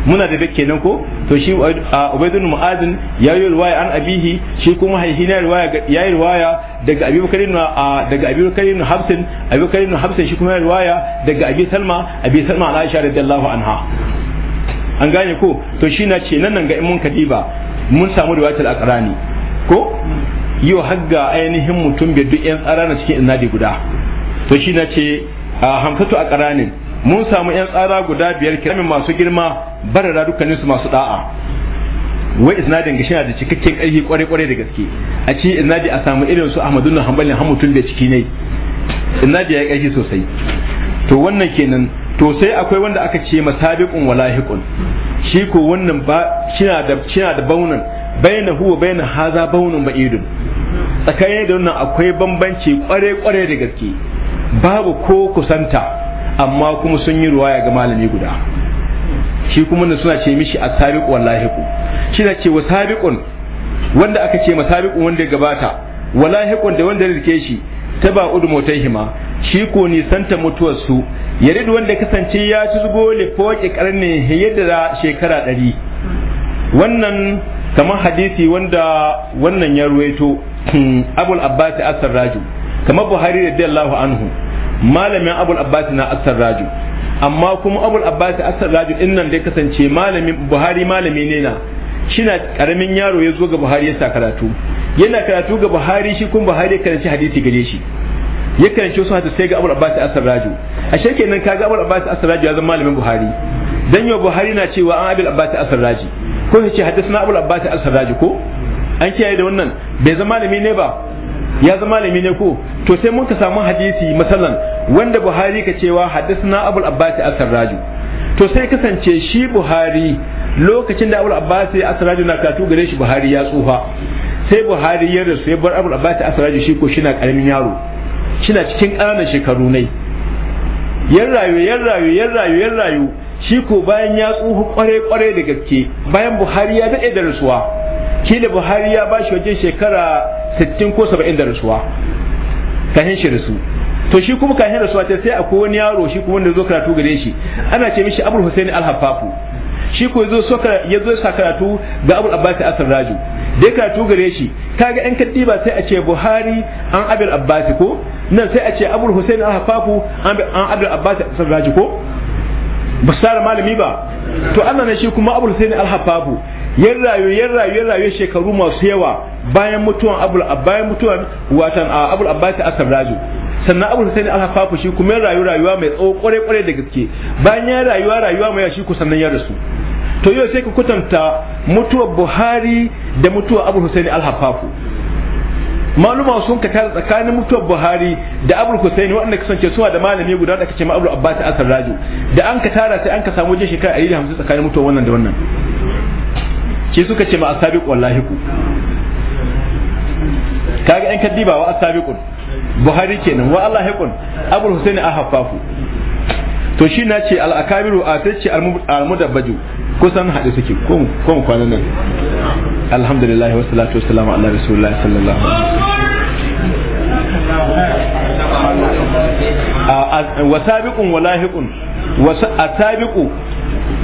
Speaker 2: muna da dake nan ko to shi ubaydun mu'adin ya yi riwaya an abihi shi kuma haihi riwaya ya yi riwaya daga abi bakarin daga abi bakarin habsin abi bakarin habsin shi kuma ya riwaya daga abi salma abi salma ala aisha radiyallahu anha an gane ko to shi na ce nan nan ga imun mun kadiba mun samu al aqrani ko yau hagga ainihin mutum bi duk yan tsara na cikin inadi guda to shi na ce a hamsatu a ƙaranin mun samu yan tsara guda biyar kiramin masu girma barara dukkanin su masu da'a wai isnadin gashi da cikakken ƙarfi kware kware da gaske a ce isnadi a samu irin su Ahmadu na Hanbal har bai ciki ne isnadi ya ƙarfi sosai to wannan kenan to sai akwai wanda aka ce masabiqun walahiqun shi ko wannan ba shina da shina da baunan baina huwa baina haza ba ba'idun tsakanin da wannan akwai bambanci kware kware da gaske babu ko kusanta amma kuma sun yi ruwaya ga malami guda shi kuma nan suna ce mishi as-sabiq wallahi ku shi na ce wa wanda aka ce masabiqun wanda ya gabata wallahi da wanda rike shi ta ba udu hima shi ko nisanta mutuwar su yarid wanda kasance ya ci zugo le foke karne yadda shekara ɗari wannan kamar hadisi wanda wannan ya ruwaito hmm, abul abbas as raju. kamar buhari da radiyallahu anhu malamin abul abbas na asar raju amma kuma abul abbas asar raju din nan dai kasance malamin buhari malami ne na na karamin yaro ya zo ga buhari ya sa karatu yana karatu ga buhari shi kuma buhari ya karanci hadisi gare shi ya karanci wasu hadisi sai ga abul abbas asar raju a shekke nan kaga abul abbas asar raju ya zama malamin buhari dan yau buhari na cewa an abul abbas asar raju ko sai ce na abul abbas asar raju ko an kiyaye da wannan bai zama malami ne ba ya zama malami ne ko to sai mun ka samu hadisi masalan wanda buhari ka cewa hadisna abul abbas as-sarraju to sai kasance shi buhari lokacin da abul abbas as-sarraju na katu gare shi buhari ya tsufa sai buhari ya rasu ya bar abul abbas as-sarraju shi ko shina karamin yaro shina cikin ƙananan shekaru ne yan rayu yan rayu yan rayu yan rayu shi ko bayan ya tsufa kware kware da gaske bayan buhari ya daɗe da rasuwa da buhari ya ba shi wajen shekara 60 ko 70 da rasuwa kahin shi rasu to shi kuma kahin rasuwa ta sai akwai wani yaro shi kuma wanda zo karatu gare shi ana ce mishi abul husaini al-haffafu shi ko yazo so ya zo sa karatu ga abul abbas asar raju dai karatu gare shi kaga yan ba sai a ce buhari an abul abbas ko nan sai a ce abul husaini al-haffafu an abul abbas asar raju ko ba su tara malami ba to Allah ne shi kuma abul husaini al-haffafu yan rayu yan rayu yan rayu shekaru masu yawa bayan mutuwan abul bayan mutuwan watan abul abbas asarraju sannan abul husaini aka fafa shi kuma rayu rayuwa mai tsawo kware kware da gaske bayan yan rayuwa rayuwa mai shi ku sannan ya rasu to yau sai ka kutanta mutuwar buhari da mutuwar abul husaini al-hafafu maluma sun ka tare tsakanin mutuwar buhari da abul husaini waɗanda kasance suna da malami guda da kace ma abul abbas asarraju da an ka tara sai an ka samu jin shekara 150 tsakanin mutuwar wannan da wannan ke suka ce ma asabiq wallahi ku kaga yan kaddiba wa asabiqun buhari kenan wa allah yakun abul husaini ahaffafu to shi na ce al-akabiru a ta ce al-mudabbaju kusan haɗe suke ko mu kwana nan alhamdulillah wa salatu wa salamu ala rasulullah sallallahu alaihi wa sabiqun wa lahiqun wa sabiqu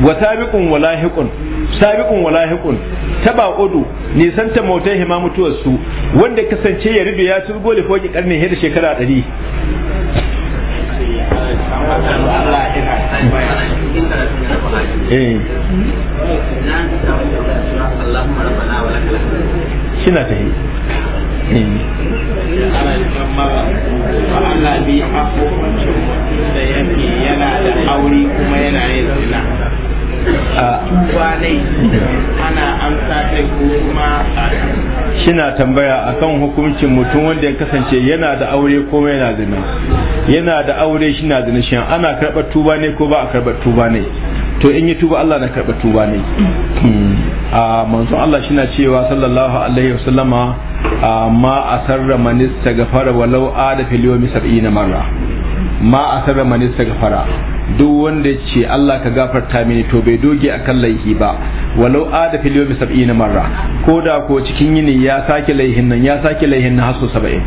Speaker 2: wa sabiqun wa lahiqun sabiqun wa lahiqun tabaudu nisan ta motai hima mutuwar su wanda kasance ya ridu ya turgo li foki karni hada shekara 100 eh kina ta yi
Speaker 1: yana da aure kuma yana yin zina tuba ne ana amsa sai ko kuma
Speaker 2: shina tambaya akan hukuncin mutum wanda ya kasance yana da aure ko yana zina yana da aure shi na zina shi ana karɓar tuba ne ko ba a karɓar tuba ne to in yi tuba Allah na karɓar tuba ne
Speaker 3: hmm.
Speaker 2: a manzon Allah na cewa sallallahu alaihi wasallama ma asarra manista gafara walau da fil yawmi na marra ma asarra manista gafara duk wanda ya ce Allah ka gafarta mini to bai doge a kan laihi ba walau ada fil yawmi sab'ina marra ko da ko cikin yini ya sake laihin nan ya sake laihin na hasu 70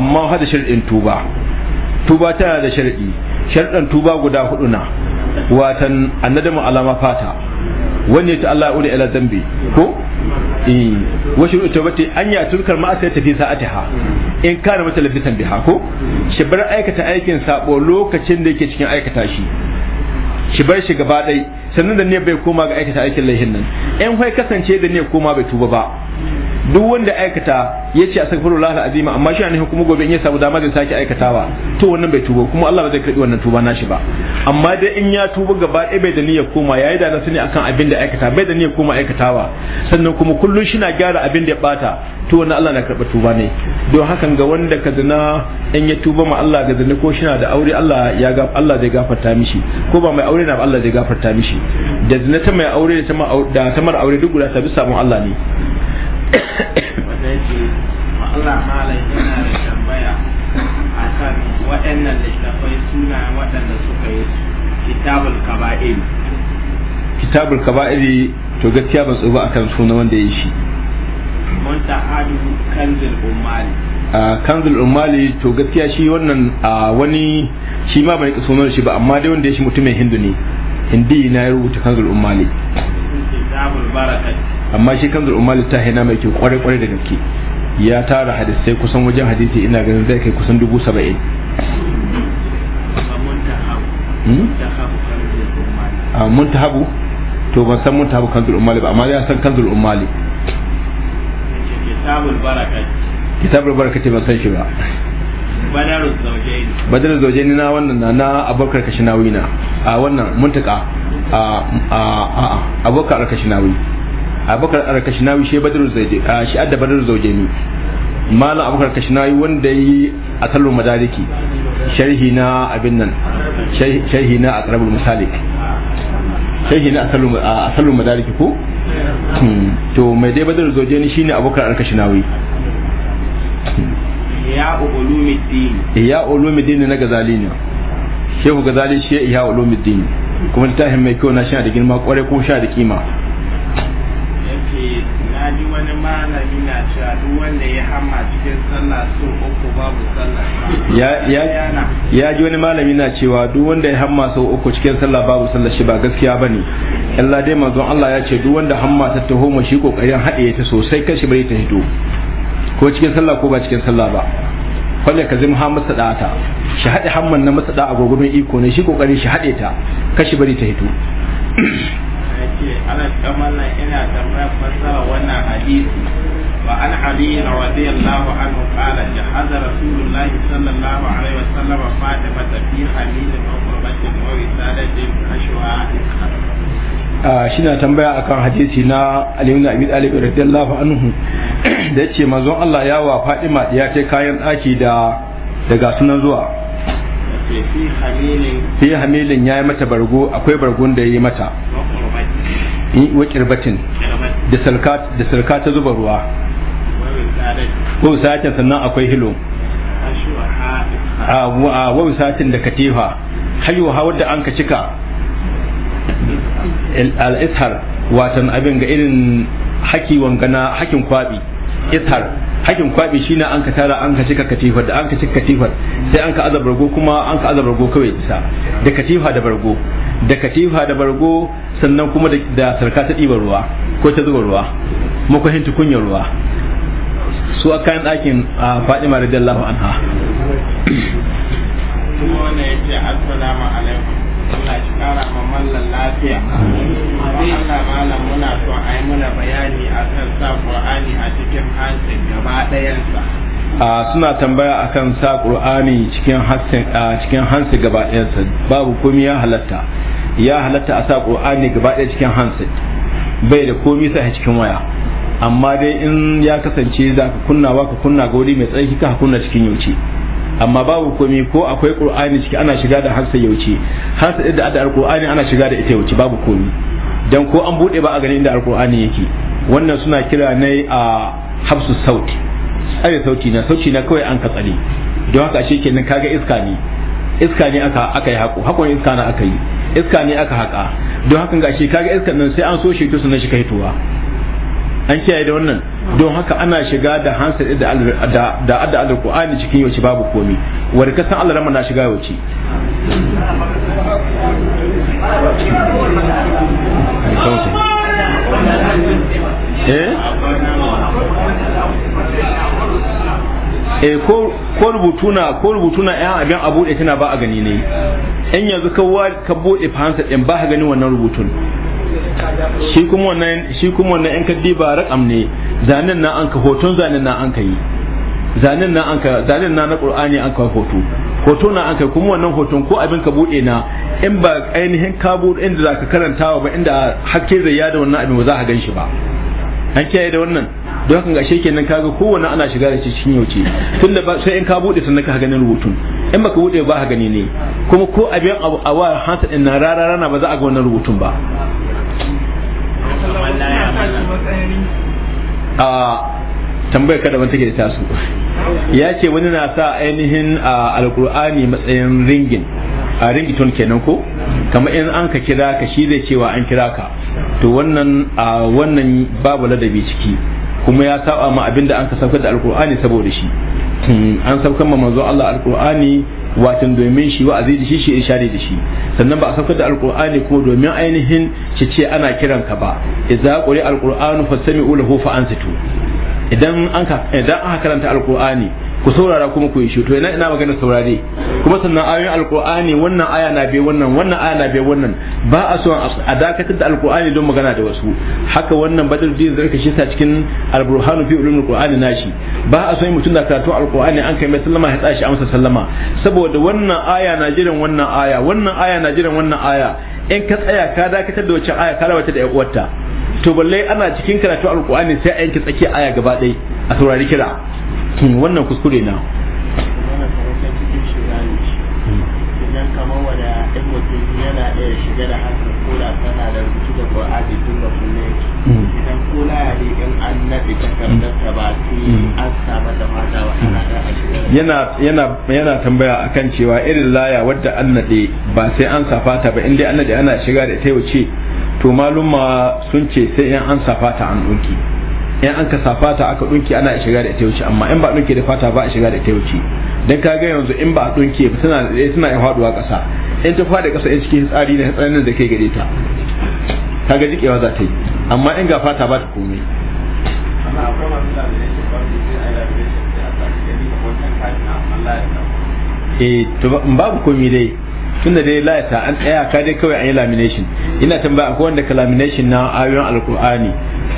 Speaker 2: amma hada sharadin tuba tuba tana da sharɗi sharɗan tuba guda hudu na watan annadamu alama fata wani ya Allah ya ula ila zambi ko eh wasu shuru'u tawbati an ya turkar ma asai sa'ati ha in kana mata labisan biha ko shi bar aikata aikin sabo lokacin da yake cikin aikata shi shi bar shi gaba dai sannan da ne bai koma ga aikata aikin laihin nan in kai kasance da ne koma bai tuba ba duk wanda aikata ya ce a lahar alazim amma shi ne kuma gobe in ya samu dama zai sake aikatawa to wannan bai tuba kuma Allah ba zai karbi wannan tuba nashi ba amma dai in ya tuba gaba ɗaya bai da niyyar koma yayi da nasani ne akan abin da aikata bai da niyyar koma aikatawa sannan kuma kullun shi na gyara abin da ya bata to wannan Allah na karɓi tuba ne don hakan ga wanda ka zina in ya tuba ma Allah ga zina ko shi na da aure Allah ya ga Allah zai gafarta mishi ko ba mai aure na Allah zai gafarta mishi da zina ta mai aure da ta mara aure duk guda ta bi sabon Allah ne
Speaker 1: wanda yake Allah malam yana da a kan waɗannan littafai suna waɗanda
Speaker 2: kaba'iri to gaskiya tsoba akan suna wanda ya shi
Speaker 1: hadu kanzul
Speaker 2: a kanzul to gaskiya shi wannan a wani shi ma bai sunan shi ba amma dai wanda ya shi mutumin hindu ne hindi na ya rubuta kanzul Umali. amma shi kanzul umma littafi na mai kyau kwarai kwarai da gaske ya tara hadisai kusan wajen hadisi ina ganin zai kai kusan dubu saba'in hmm? a ah, habu to ban san kan kanzul umma ba amma ya san kanzul umma
Speaker 1: kitabul barakati
Speaker 2: kitabul barakati ban san shi ba
Speaker 1: badarul zaujaini
Speaker 2: badarul na wannan na na abokar kashinawi na a ah, wannan muntaka a ah, a a abokar kashinawi abubakar al-kashnawi shi badru a ah, shi adda badru ne malam abubakar kashnawi wanda yi a tallo madariki sharhi na abin nan sharhi na aqrabul misalik sharhi na asallu madariki ko hmm, to mai dai badar zoje shi shine abubakar al-kashnawi
Speaker 1: ya ulumuddin
Speaker 2: ya ulumuddin na gazali ne shehu gazali shi ya ulumuddin kuma littafin mai kyau na sha da girma kware ko sha da kima
Speaker 1: ce na ji wani malami na cewa duk wanda ya hama cikin sallah so uku babu sallah ya
Speaker 2: ya ji wani malami na cewa duk wanda ya hama so uku cikin sallah babu sallah shi ba gaskiya ne Allah dai manzo Allah ya ce duk wanda hamma ta taho mu shi kokarin haɗe ta sosai kashi bai ta hito ko cikin sallah ko ba cikin sallah ba kwalle ka zama masa da'ata shi haɗe hamman na masa da'a gurgurin iko ne shi kokari shi haɗe ta kashi bari ta hito
Speaker 1: ce ana kamar nan ina tambayar fassara wannan hadisi wa an ali radiyallahu anhu qala jahada rasulullah sallallahu alaihi wasallam fatima fi halilin wa qurbatin wa wisalatin ashwa
Speaker 2: shi na tambaya akan hadisi na Ali ibn Abi Talib radiyallahu anhu da yace manzon Allah ya wa Fatima ya ce kayan daki da daga sunan zuwa fi hamilin ya yi mata bargo akwai bargon da ya yi mata wa kirbatin da salka ta zuba ruwa wa satin sannan akwai hilo a wa wisatin da katifa hayuwa wadda an ka cika al-ishar watan abin ga irin haki wangana hakin kwabi ishar hakin kwabi shi na an ka tara an ka cika katifar da an ka cika katifar sai an ka aza bargo kuma an ka aza bargo kawai bisa da katifa da bargo da katifa da bargo sannan kuma da sarka ta ɗiba ruwa ko ta zuba ruwa makwahin kunyar ruwa su a kayan ɗakin a faɗi da jalla anha
Speaker 1: an wanda ya ce muna bayani akan sa Qur'ani a cikin hansin gaba ɗayansa
Speaker 2: suna tambaya akan sa qur'ani cikin hansin cikin hansi gaba ɗayansa babu komai ya halatta ya halatta a sa qur'ani gaba ɗaya cikin hansi bai da komai sa cikin waya amma dai in ya kasance za ka kunnawa ka kunna ga wuri mai tsarki ka kunna cikin yauci amma babu komai ko akwai qur'ani ciki ana shiga da hansa yauci hansa da da alqur'ani ana shiga da ita yauci babu komai dan ko an bude ba a ganin da alqur'ani yake wannan suna kira ne a habsu sauti tsare sauki na sauki na kawai an ka don haka ke nan kaga iska ne iska ne aka aka yi hako hakon iska na aka yi iska ne aka haka don haka ga shi kaga iskan nan sai an so shi to sunan shi kai tuwa an kiyaye da wannan don haka ana shiga da hansar da da adda alqur'ani cikin yauci babu komi wani ka san Allah na shiga yauci eh Eh, ko rubutuna ko rubutuna ɗan abin a buɗe tana ba a gani ne in yanzu ka buɗe fahimta ɗin ba a gani wannan rubutun shi kuma wannan shi kuma wannan in ka ne zanen na an ka hoton zanen na an ka yi zanen na an ka zanen na na qur'ani an ka hoto hoto na an ka kuma wannan hoton ko abin ka buɗe na in ba ainihin ka buɗe inda ka karantawa ba inda hakke zai yada wannan abin ba za ka gan shi ba an kiyaye da wannan don haka ashe kenan kaga kowanne ana shiga da cikin yauce tun da sai in ka bude sannan ka ganin rubutun in baka bude ba ka gani ne kuma ko abin abu a wa hanta din na rara rana ba za a ga wannan rubutun ba a tambayar ka daban take da tasu ya ce wani na sa ainihin alkur'ani matsayin ringin a ringiton kenan ko kamar in an ka kira ka shi zai cewa an kira ka to wannan wannan babu ladabi ciki kuma ya saba ma abin da an ka saukar da alkur'ani saboda shi an saukar ma manzo Allah alkur'ani watan domin shi wa'azi da shi shi irshadi da shi sannan ba a saukar da alkur'ani kuma domin ainihin shi ce ana kiran ka ba idza quri alkur'anu fasami'u lahu fa ansitu idan an idan aka karanta alkur'ani ku saurara kuma ku yi shi to ina ina magana saurare kuma sannan ayoyin alqur'ani wannan aya na bai wannan wannan aya na bai wannan ba a so a dakatar da alqur'ani don magana da wasu haka wannan badruddin zarka shi sa cikin alburhan fi ulumul qur'ani nashi ba a so mutum da karatu alqur'ani an kai mai sallama ya a amsa sallama saboda wannan aya na jiran wannan aya wannan aya na jiran wannan aya in ka tsaya ka dakatar da wacce aya ka rawata da uwarta to balle ana cikin karatu alqur'ani sai a yanke tsakiya aya gaba ɗaya a saurari kira wannan kuskure na
Speaker 1: idan kamar wada ɗan mutum yana iya shiga da hakan kola tana da rubutu da ƙwa'adi tun da kunne mm. idan kola ya ne in an naɗe takardar ta ba sai mm. an samar da mata wa ana da a shiga da
Speaker 2: yana yana tambaya a kan cewa irin laya wadda an naɗe ba sai an safa ta ba inda dai an naɗe ana shiga da ita wuce to maluma sun ce sai in an safa ta an ɗauki in an ka fata aka dunke ana shiga da ita wuce amma in ba dunke da fata ba a shiga da ita wuce dan kaga yanzu in ba a dunke ba tana eh, tana ya faduwa kasa in ta fada kasa in cikin tsari ne tsananin da kai gare ta kaga jikewa za ta yi amma in ga fata ba ta komai eh to babu komai dai tunda dai layata an tsaya ka dai kawai an yi lamination ina tambaya akwai wanda ka lamination na ayoyin alkur'ani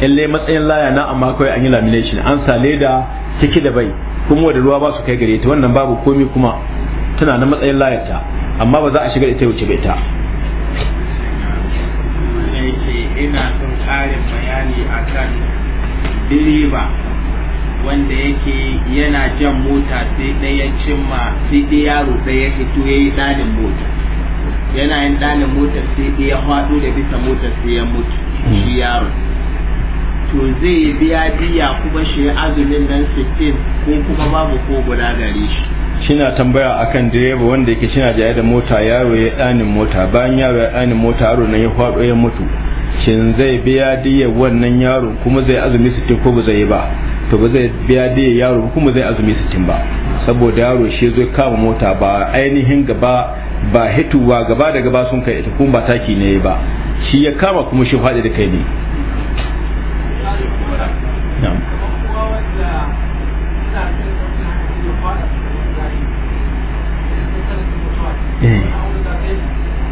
Speaker 2: in matsayin laya na amma kawai an yi lamination an sa leda ciki da bai kuma da ruwa ba su kai gare ta wannan babu komi kuma tana na matsayin layata amma ba za a shiga da ita wuce bai ta
Speaker 1: ina son karin bayani akan direba wanda yake yana jan mota sai ɗaya cimma sai ɗaya yaro ɗaya fito ya yi ɗanin mota yana yin ɗanin motar sai ya faɗo da bisa motar sai ya mutu shi yaron to zai biya biya kuma shi azumin nan 16 ko kuma babu ko guda gare shi
Speaker 2: shina tambaya akan direba wanda yake shina jaye da mota yaro ya ɗanin mota bayan yaro ya ɗanin mota yaro na ya faɗo ya mutu shin zai biya diyar wannan yaro kuma zai azumi sittin ko ba zai yi ba to ba zai biya diyar yaro kuma zai azumi sittin ba saboda yaro shi zai kama mota ba ainihin gaba ba hituwa gaba da gaba sun kai ita kuma ba taki ne ba shi ya kama kuma shi faɗi da kai ne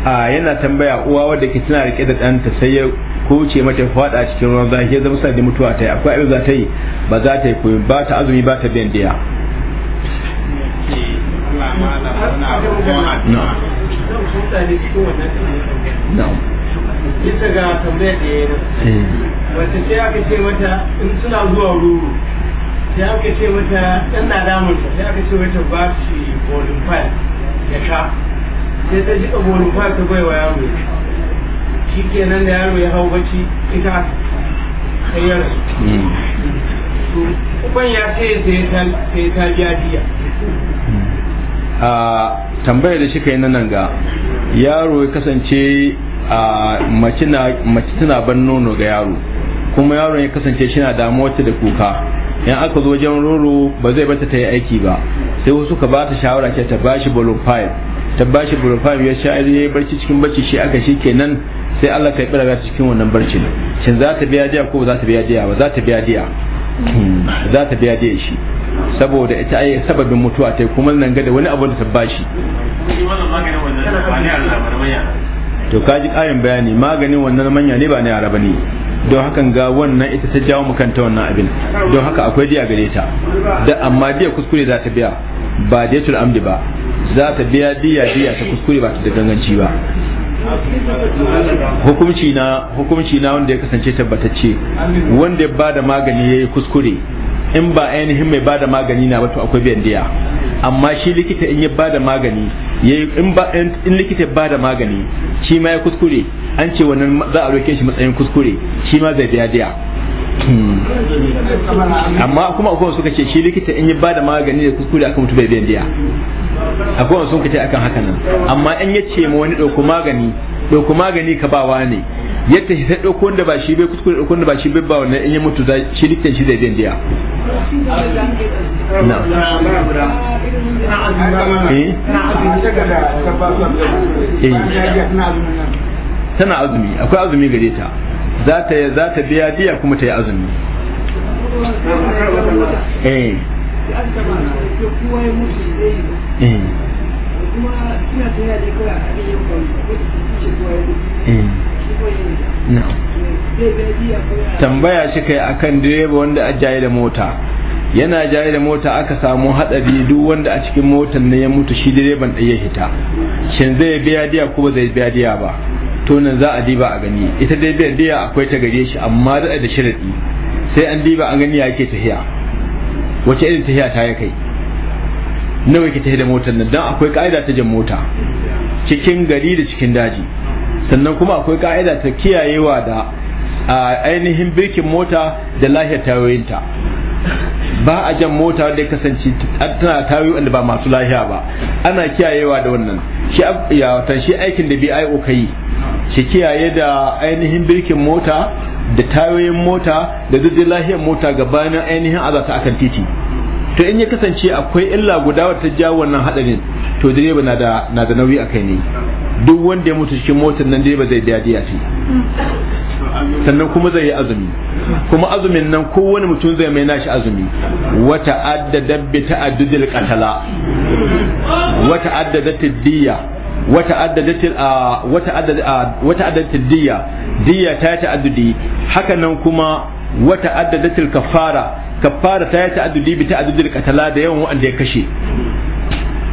Speaker 2: a eh. ah, yana tambaya uwa wadda ke tana rike da ɗanta sai ya kuce mata faɗa cikin ruwan zafi ya zama sa da mutuwa ta yi akwai abin za ta yi ba za ta yi koyi ba ta azumi ba ta biyan diya
Speaker 1: bisa ga tambayar da ya yi wata sai aka ce mata in suna zuwa ruru sai aka ce mata na sai aka ce mata ba bolin ya sha sai ta bolin ta bai wa yaro shi kenan da yaro ya hau bacci ita ya uban ya ce sai ta biya
Speaker 2: a tambayar da shika yi nan ga yaro ya kasance a mace tana ban nono ga yaro kuma yaron ya kasance shi na damuwa da kuka yan aka zo wajen roro ba zai bata ta yi aiki ba sai wasu ka bata shawara ce ta bashi balloon pipe ta bashi balloon pipe ya sha ya yi barci cikin barci shi aka shi kenan sai Allah ka yi biraga cikin wannan barci shin za ta biya jiya ko ba za ta biya jiya ba za ta biya
Speaker 3: hmm,
Speaker 2: za ta biya jiya shi saboda ita ai sababin mutuwa ta kuma nan ga da wani abu da ta bashi to kaji ƙarin bayani maganin wannan manya ne ba ne araba ne. don hakan ga wannan ita ta jawo makanta wannan abin don haka akwai diya gare ta da amma diya kuskure za ta biya ba diyatul amdi ba za ta biya diya diya ta kuskure ba ta da ganganci ba hukumci na hukumci na wanda ya kasance tabbatacce wanda ya bada magani yayi kuskure in ba ainihin mai bada magani na wato akwai biyan diya amma shi likita in ya bada magani in ba in likita bada magani shi ma ya kuskure an ce wannan za a roke shi matsayin kuskure shi ma zai biya diya amma kuma akwai suka ce shi likita in yi bada magani da kuskure akan mutu bai biyan diya akwai wasu suka ce akan haka nan amma in ya ce ma wani dauko magani dauko magani ka ba wa ne yadda shi ta ɗauko da ba shi bai kuskure ɗauko da ba shi bai ba wannan in ya mutu za shi dukkan shi zai zai biya. Eh? Eh. tana azumi akwai azumi gare ta za ta za ta biya biya kuma ta yi azumi eh, eh. tambaya shi kai akan direba wanda a jaye da mota yana jaye da mota aka samu hadari duk wanda a cikin motar ne ya mutu shi direban da ya hita shin zai biya diya ko ba zai biya diya ba to nan za a diba a gani ita dai biya diya akwai ta gare shi amma da da sharadi sai an diba an gani ya yake tahiya wace irin tahiya ta ya kai nawa ke tahiya da motar nan dan akwai ka'ida ta jan mota cikin gari da cikin daji sannan kuma akwai ka'ida ta kiyayewa da ainihin birkin mota da lahiyar tayoyinta ba a jan mota wanda ya kasance tana tayoyi wanda ba masu lahiya ba ana kiyayewa da wannan shi aikin da BIO ka yi shi kiyaye da ainihin birkin mota da tayoyin mota da duk lahiyar mota gabanin ainihin azata akan titi to in ya kasance akwai illa guda wata jawo wannan hadarin to direba na da nauyi a kai ne duk wanda ya mutu cikin motar nan dai ba zai dadi a ce sannan kuma zai yi azumi kuma azumin nan kowane mutum zai mai nashi azumi wata addada bi ta'addudil qatala wata addada tiddiya wata addada wata addada wata addada tiddiya diya ta ta'addudi haka nan kuma wata addada kafara kafara ta ta'addudi bi ta'addudil qatala da yawan wanda ya kashe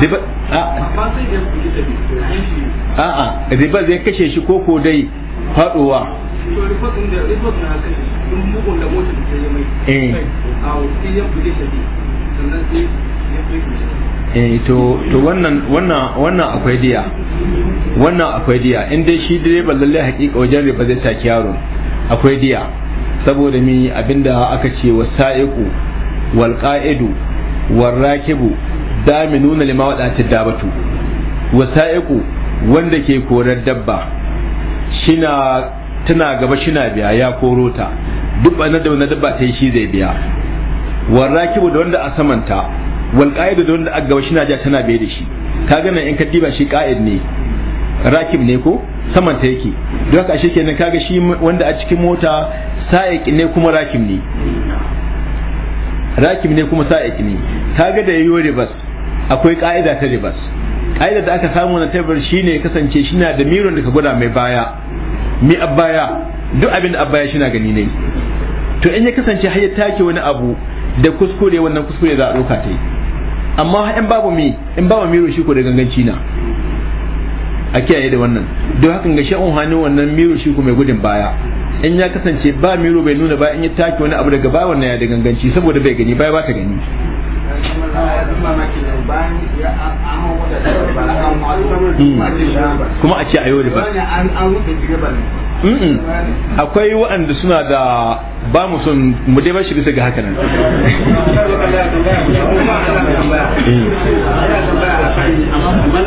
Speaker 2: riba riba zai kashe shi ko ko dai faduwa eh. eh to to wannan wannan wannan akwai diya wannan akwai diya in dai shi direban lalle hakika wajen riba zai saki yaro akwai diya saboda mi abinda aka ce wasa'iqu wal qa'idu wal rakibu daminuna lima wadatid dabatu wasa'iqu wanda ke korar dabba shina tana gaba shina biya ya koro ta duk da wani dabba ta yi shi zai biya rakibu da wanda a samanta wal qa'idu da wanda a gaba shina ja tana biye da shi kaga nan in ka diba shi qa'id ne rakib ne ko samanta yake don haka shi kenan kaga shi wanda a cikin mota sa'iq ne kuma rakib ne rakib ne kuma sa'iq ne kaga da yayo bas akwai ka'ida ta ribas ka'ida da aka samu na tabar shine kasance shina da miron da ka gwada mai baya mi abaya duk abin da abaya shina gani ne to in ya kasance har ya take wani abu da kuskure wannan kuskure za a ɗauka ta yi amma in babu mi in babu miro shi ko da ganganci na a kiyaye da wannan don hakan ga sha'un hannu wannan miro shi ko mai gudun baya in ya kasance ba miro bai nuna ba in ya take wani abu daga baya wannan ya da ganganci saboda bai gani baya ba ta gani
Speaker 1: kuma a ce a da ba
Speaker 2: akwai waɗanda suna da ba mu sun mu dai bashi bisa ga hakanan nan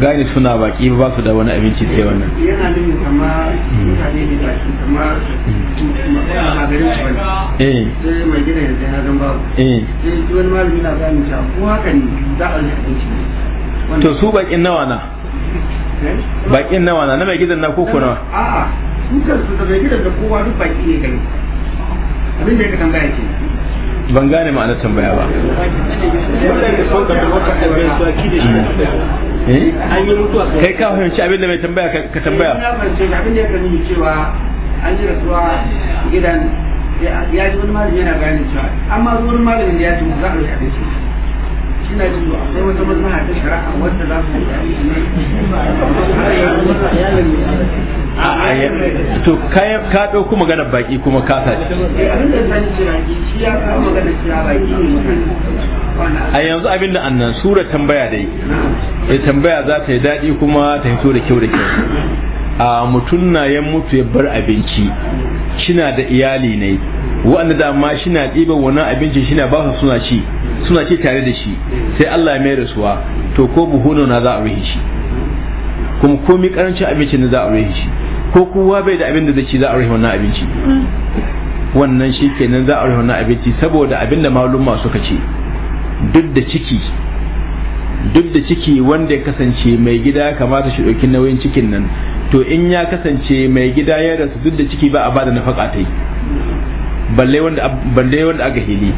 Speaker 2: gane suna baki ba su da wani abinci sai wannan to su bakin nawa na eh? bakin nawa na na mai gidan na koko nawa
Speaker 1: a'a su kansu mai gidan da kowa duk baki ne kai abin da ya tambaya ce.
Speaker 2: ban gane ma'anar tambaya ba
Speaker 1: Eh? an yi mutuwa kai ka fahimci abin
Speaker 2: da mai tambaya ka tambaya na
Speaker 1: fahimci abin da ya cewa an yi rasuwa gidan ya ji wani malami yana bayanin cewa amma wani malamin da ya ce za a rufe abinci ina jin akwai wata maslaha ta shari'a wanda za su yi to
Speaker 2: kai ka dauko maganar baki kuma ka sace eh, a yanzu abin da annan sura tambaya dai ya eh, tambaya za ta yi daɗi kuma ta hito da kyau da kyau a mutum na ya mutu ya bar abinci shina da iyali ne wa'anda dama shina ɗiban wannan abinci shina ba su suna ci suna ce tare da shi sai Allah ya mai rasuwa to ko buhuno na za a rufe shi kuma komi karancin abincin da za a rufe shi ko kowa bai da abin da zai ci za a rufe wannan abinci wannan shi kenan za a rufe wannan abinci saboda abin da malumma suka ce duk da ciki duk da ciki wanda ya kasance mai gida kamata shi ɗauki nauyin cikin nan to in ya kasance mai gida ya rasu duk da ciki ba a bada nafaka ta yi balle wanda balle wanda aka hili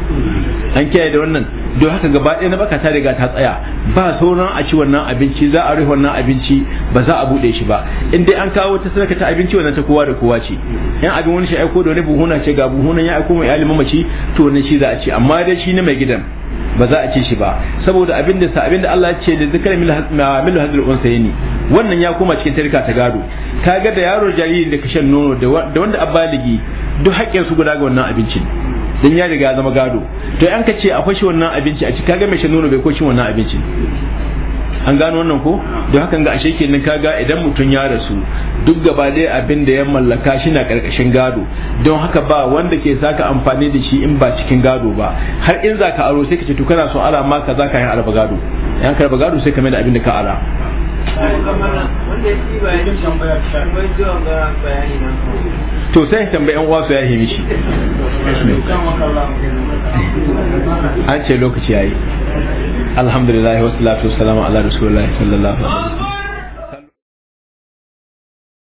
Speaker 2: an kiyaye da wannan don haka gaba ɗaya na bakata riga ta tsaya ba sauran a ci wannan abinci za a rufe wannan abinci ba za a bude shi ba in dai an kawo ta sadaka ta abinci wannan ta kowa da kowa ce yan abin wani shi aiko da wani buhuna ce ga buhunan ya aiko mai iyalin mace to wannan shi za a ci amma dai shi ne mai gidan ba za a ci shi ba saboda abin da abin da Allah ya ce da zikar milu hadil unsayni wannan ya koma cikin tarika ta gado kaga da yaro jariri da kashan nono da wanda abbaligi duk haƙƙin su guda ga wannan abincin dan ya riga zama gado to an ka ce a fashe wannan abinci a cika ga mai nono bai ko cin wannan abincin an gano wannan ko don hakan ga ashe kenan kaga idan mutum ya rasu duk gaba daya abin da ya mallaka shi na karkashin gado don haka ba wanda ke saka amfani da shi in ba cikin gado ba har in zaka aro sai ka ce to kana son ala ma ka zaka yi alba gado yan ka gado sai ka mai da abin da ka ala
Speaker 1: wanda ya ci bayanin tambaya ba wani ji bayani nan
Speaker 2: to sai tambayi ɗan uwa su yi mishi an ce lokaci yayi alhamdulillah wasu salatu salamu ala rasulullah sallallahu alaihi wasallam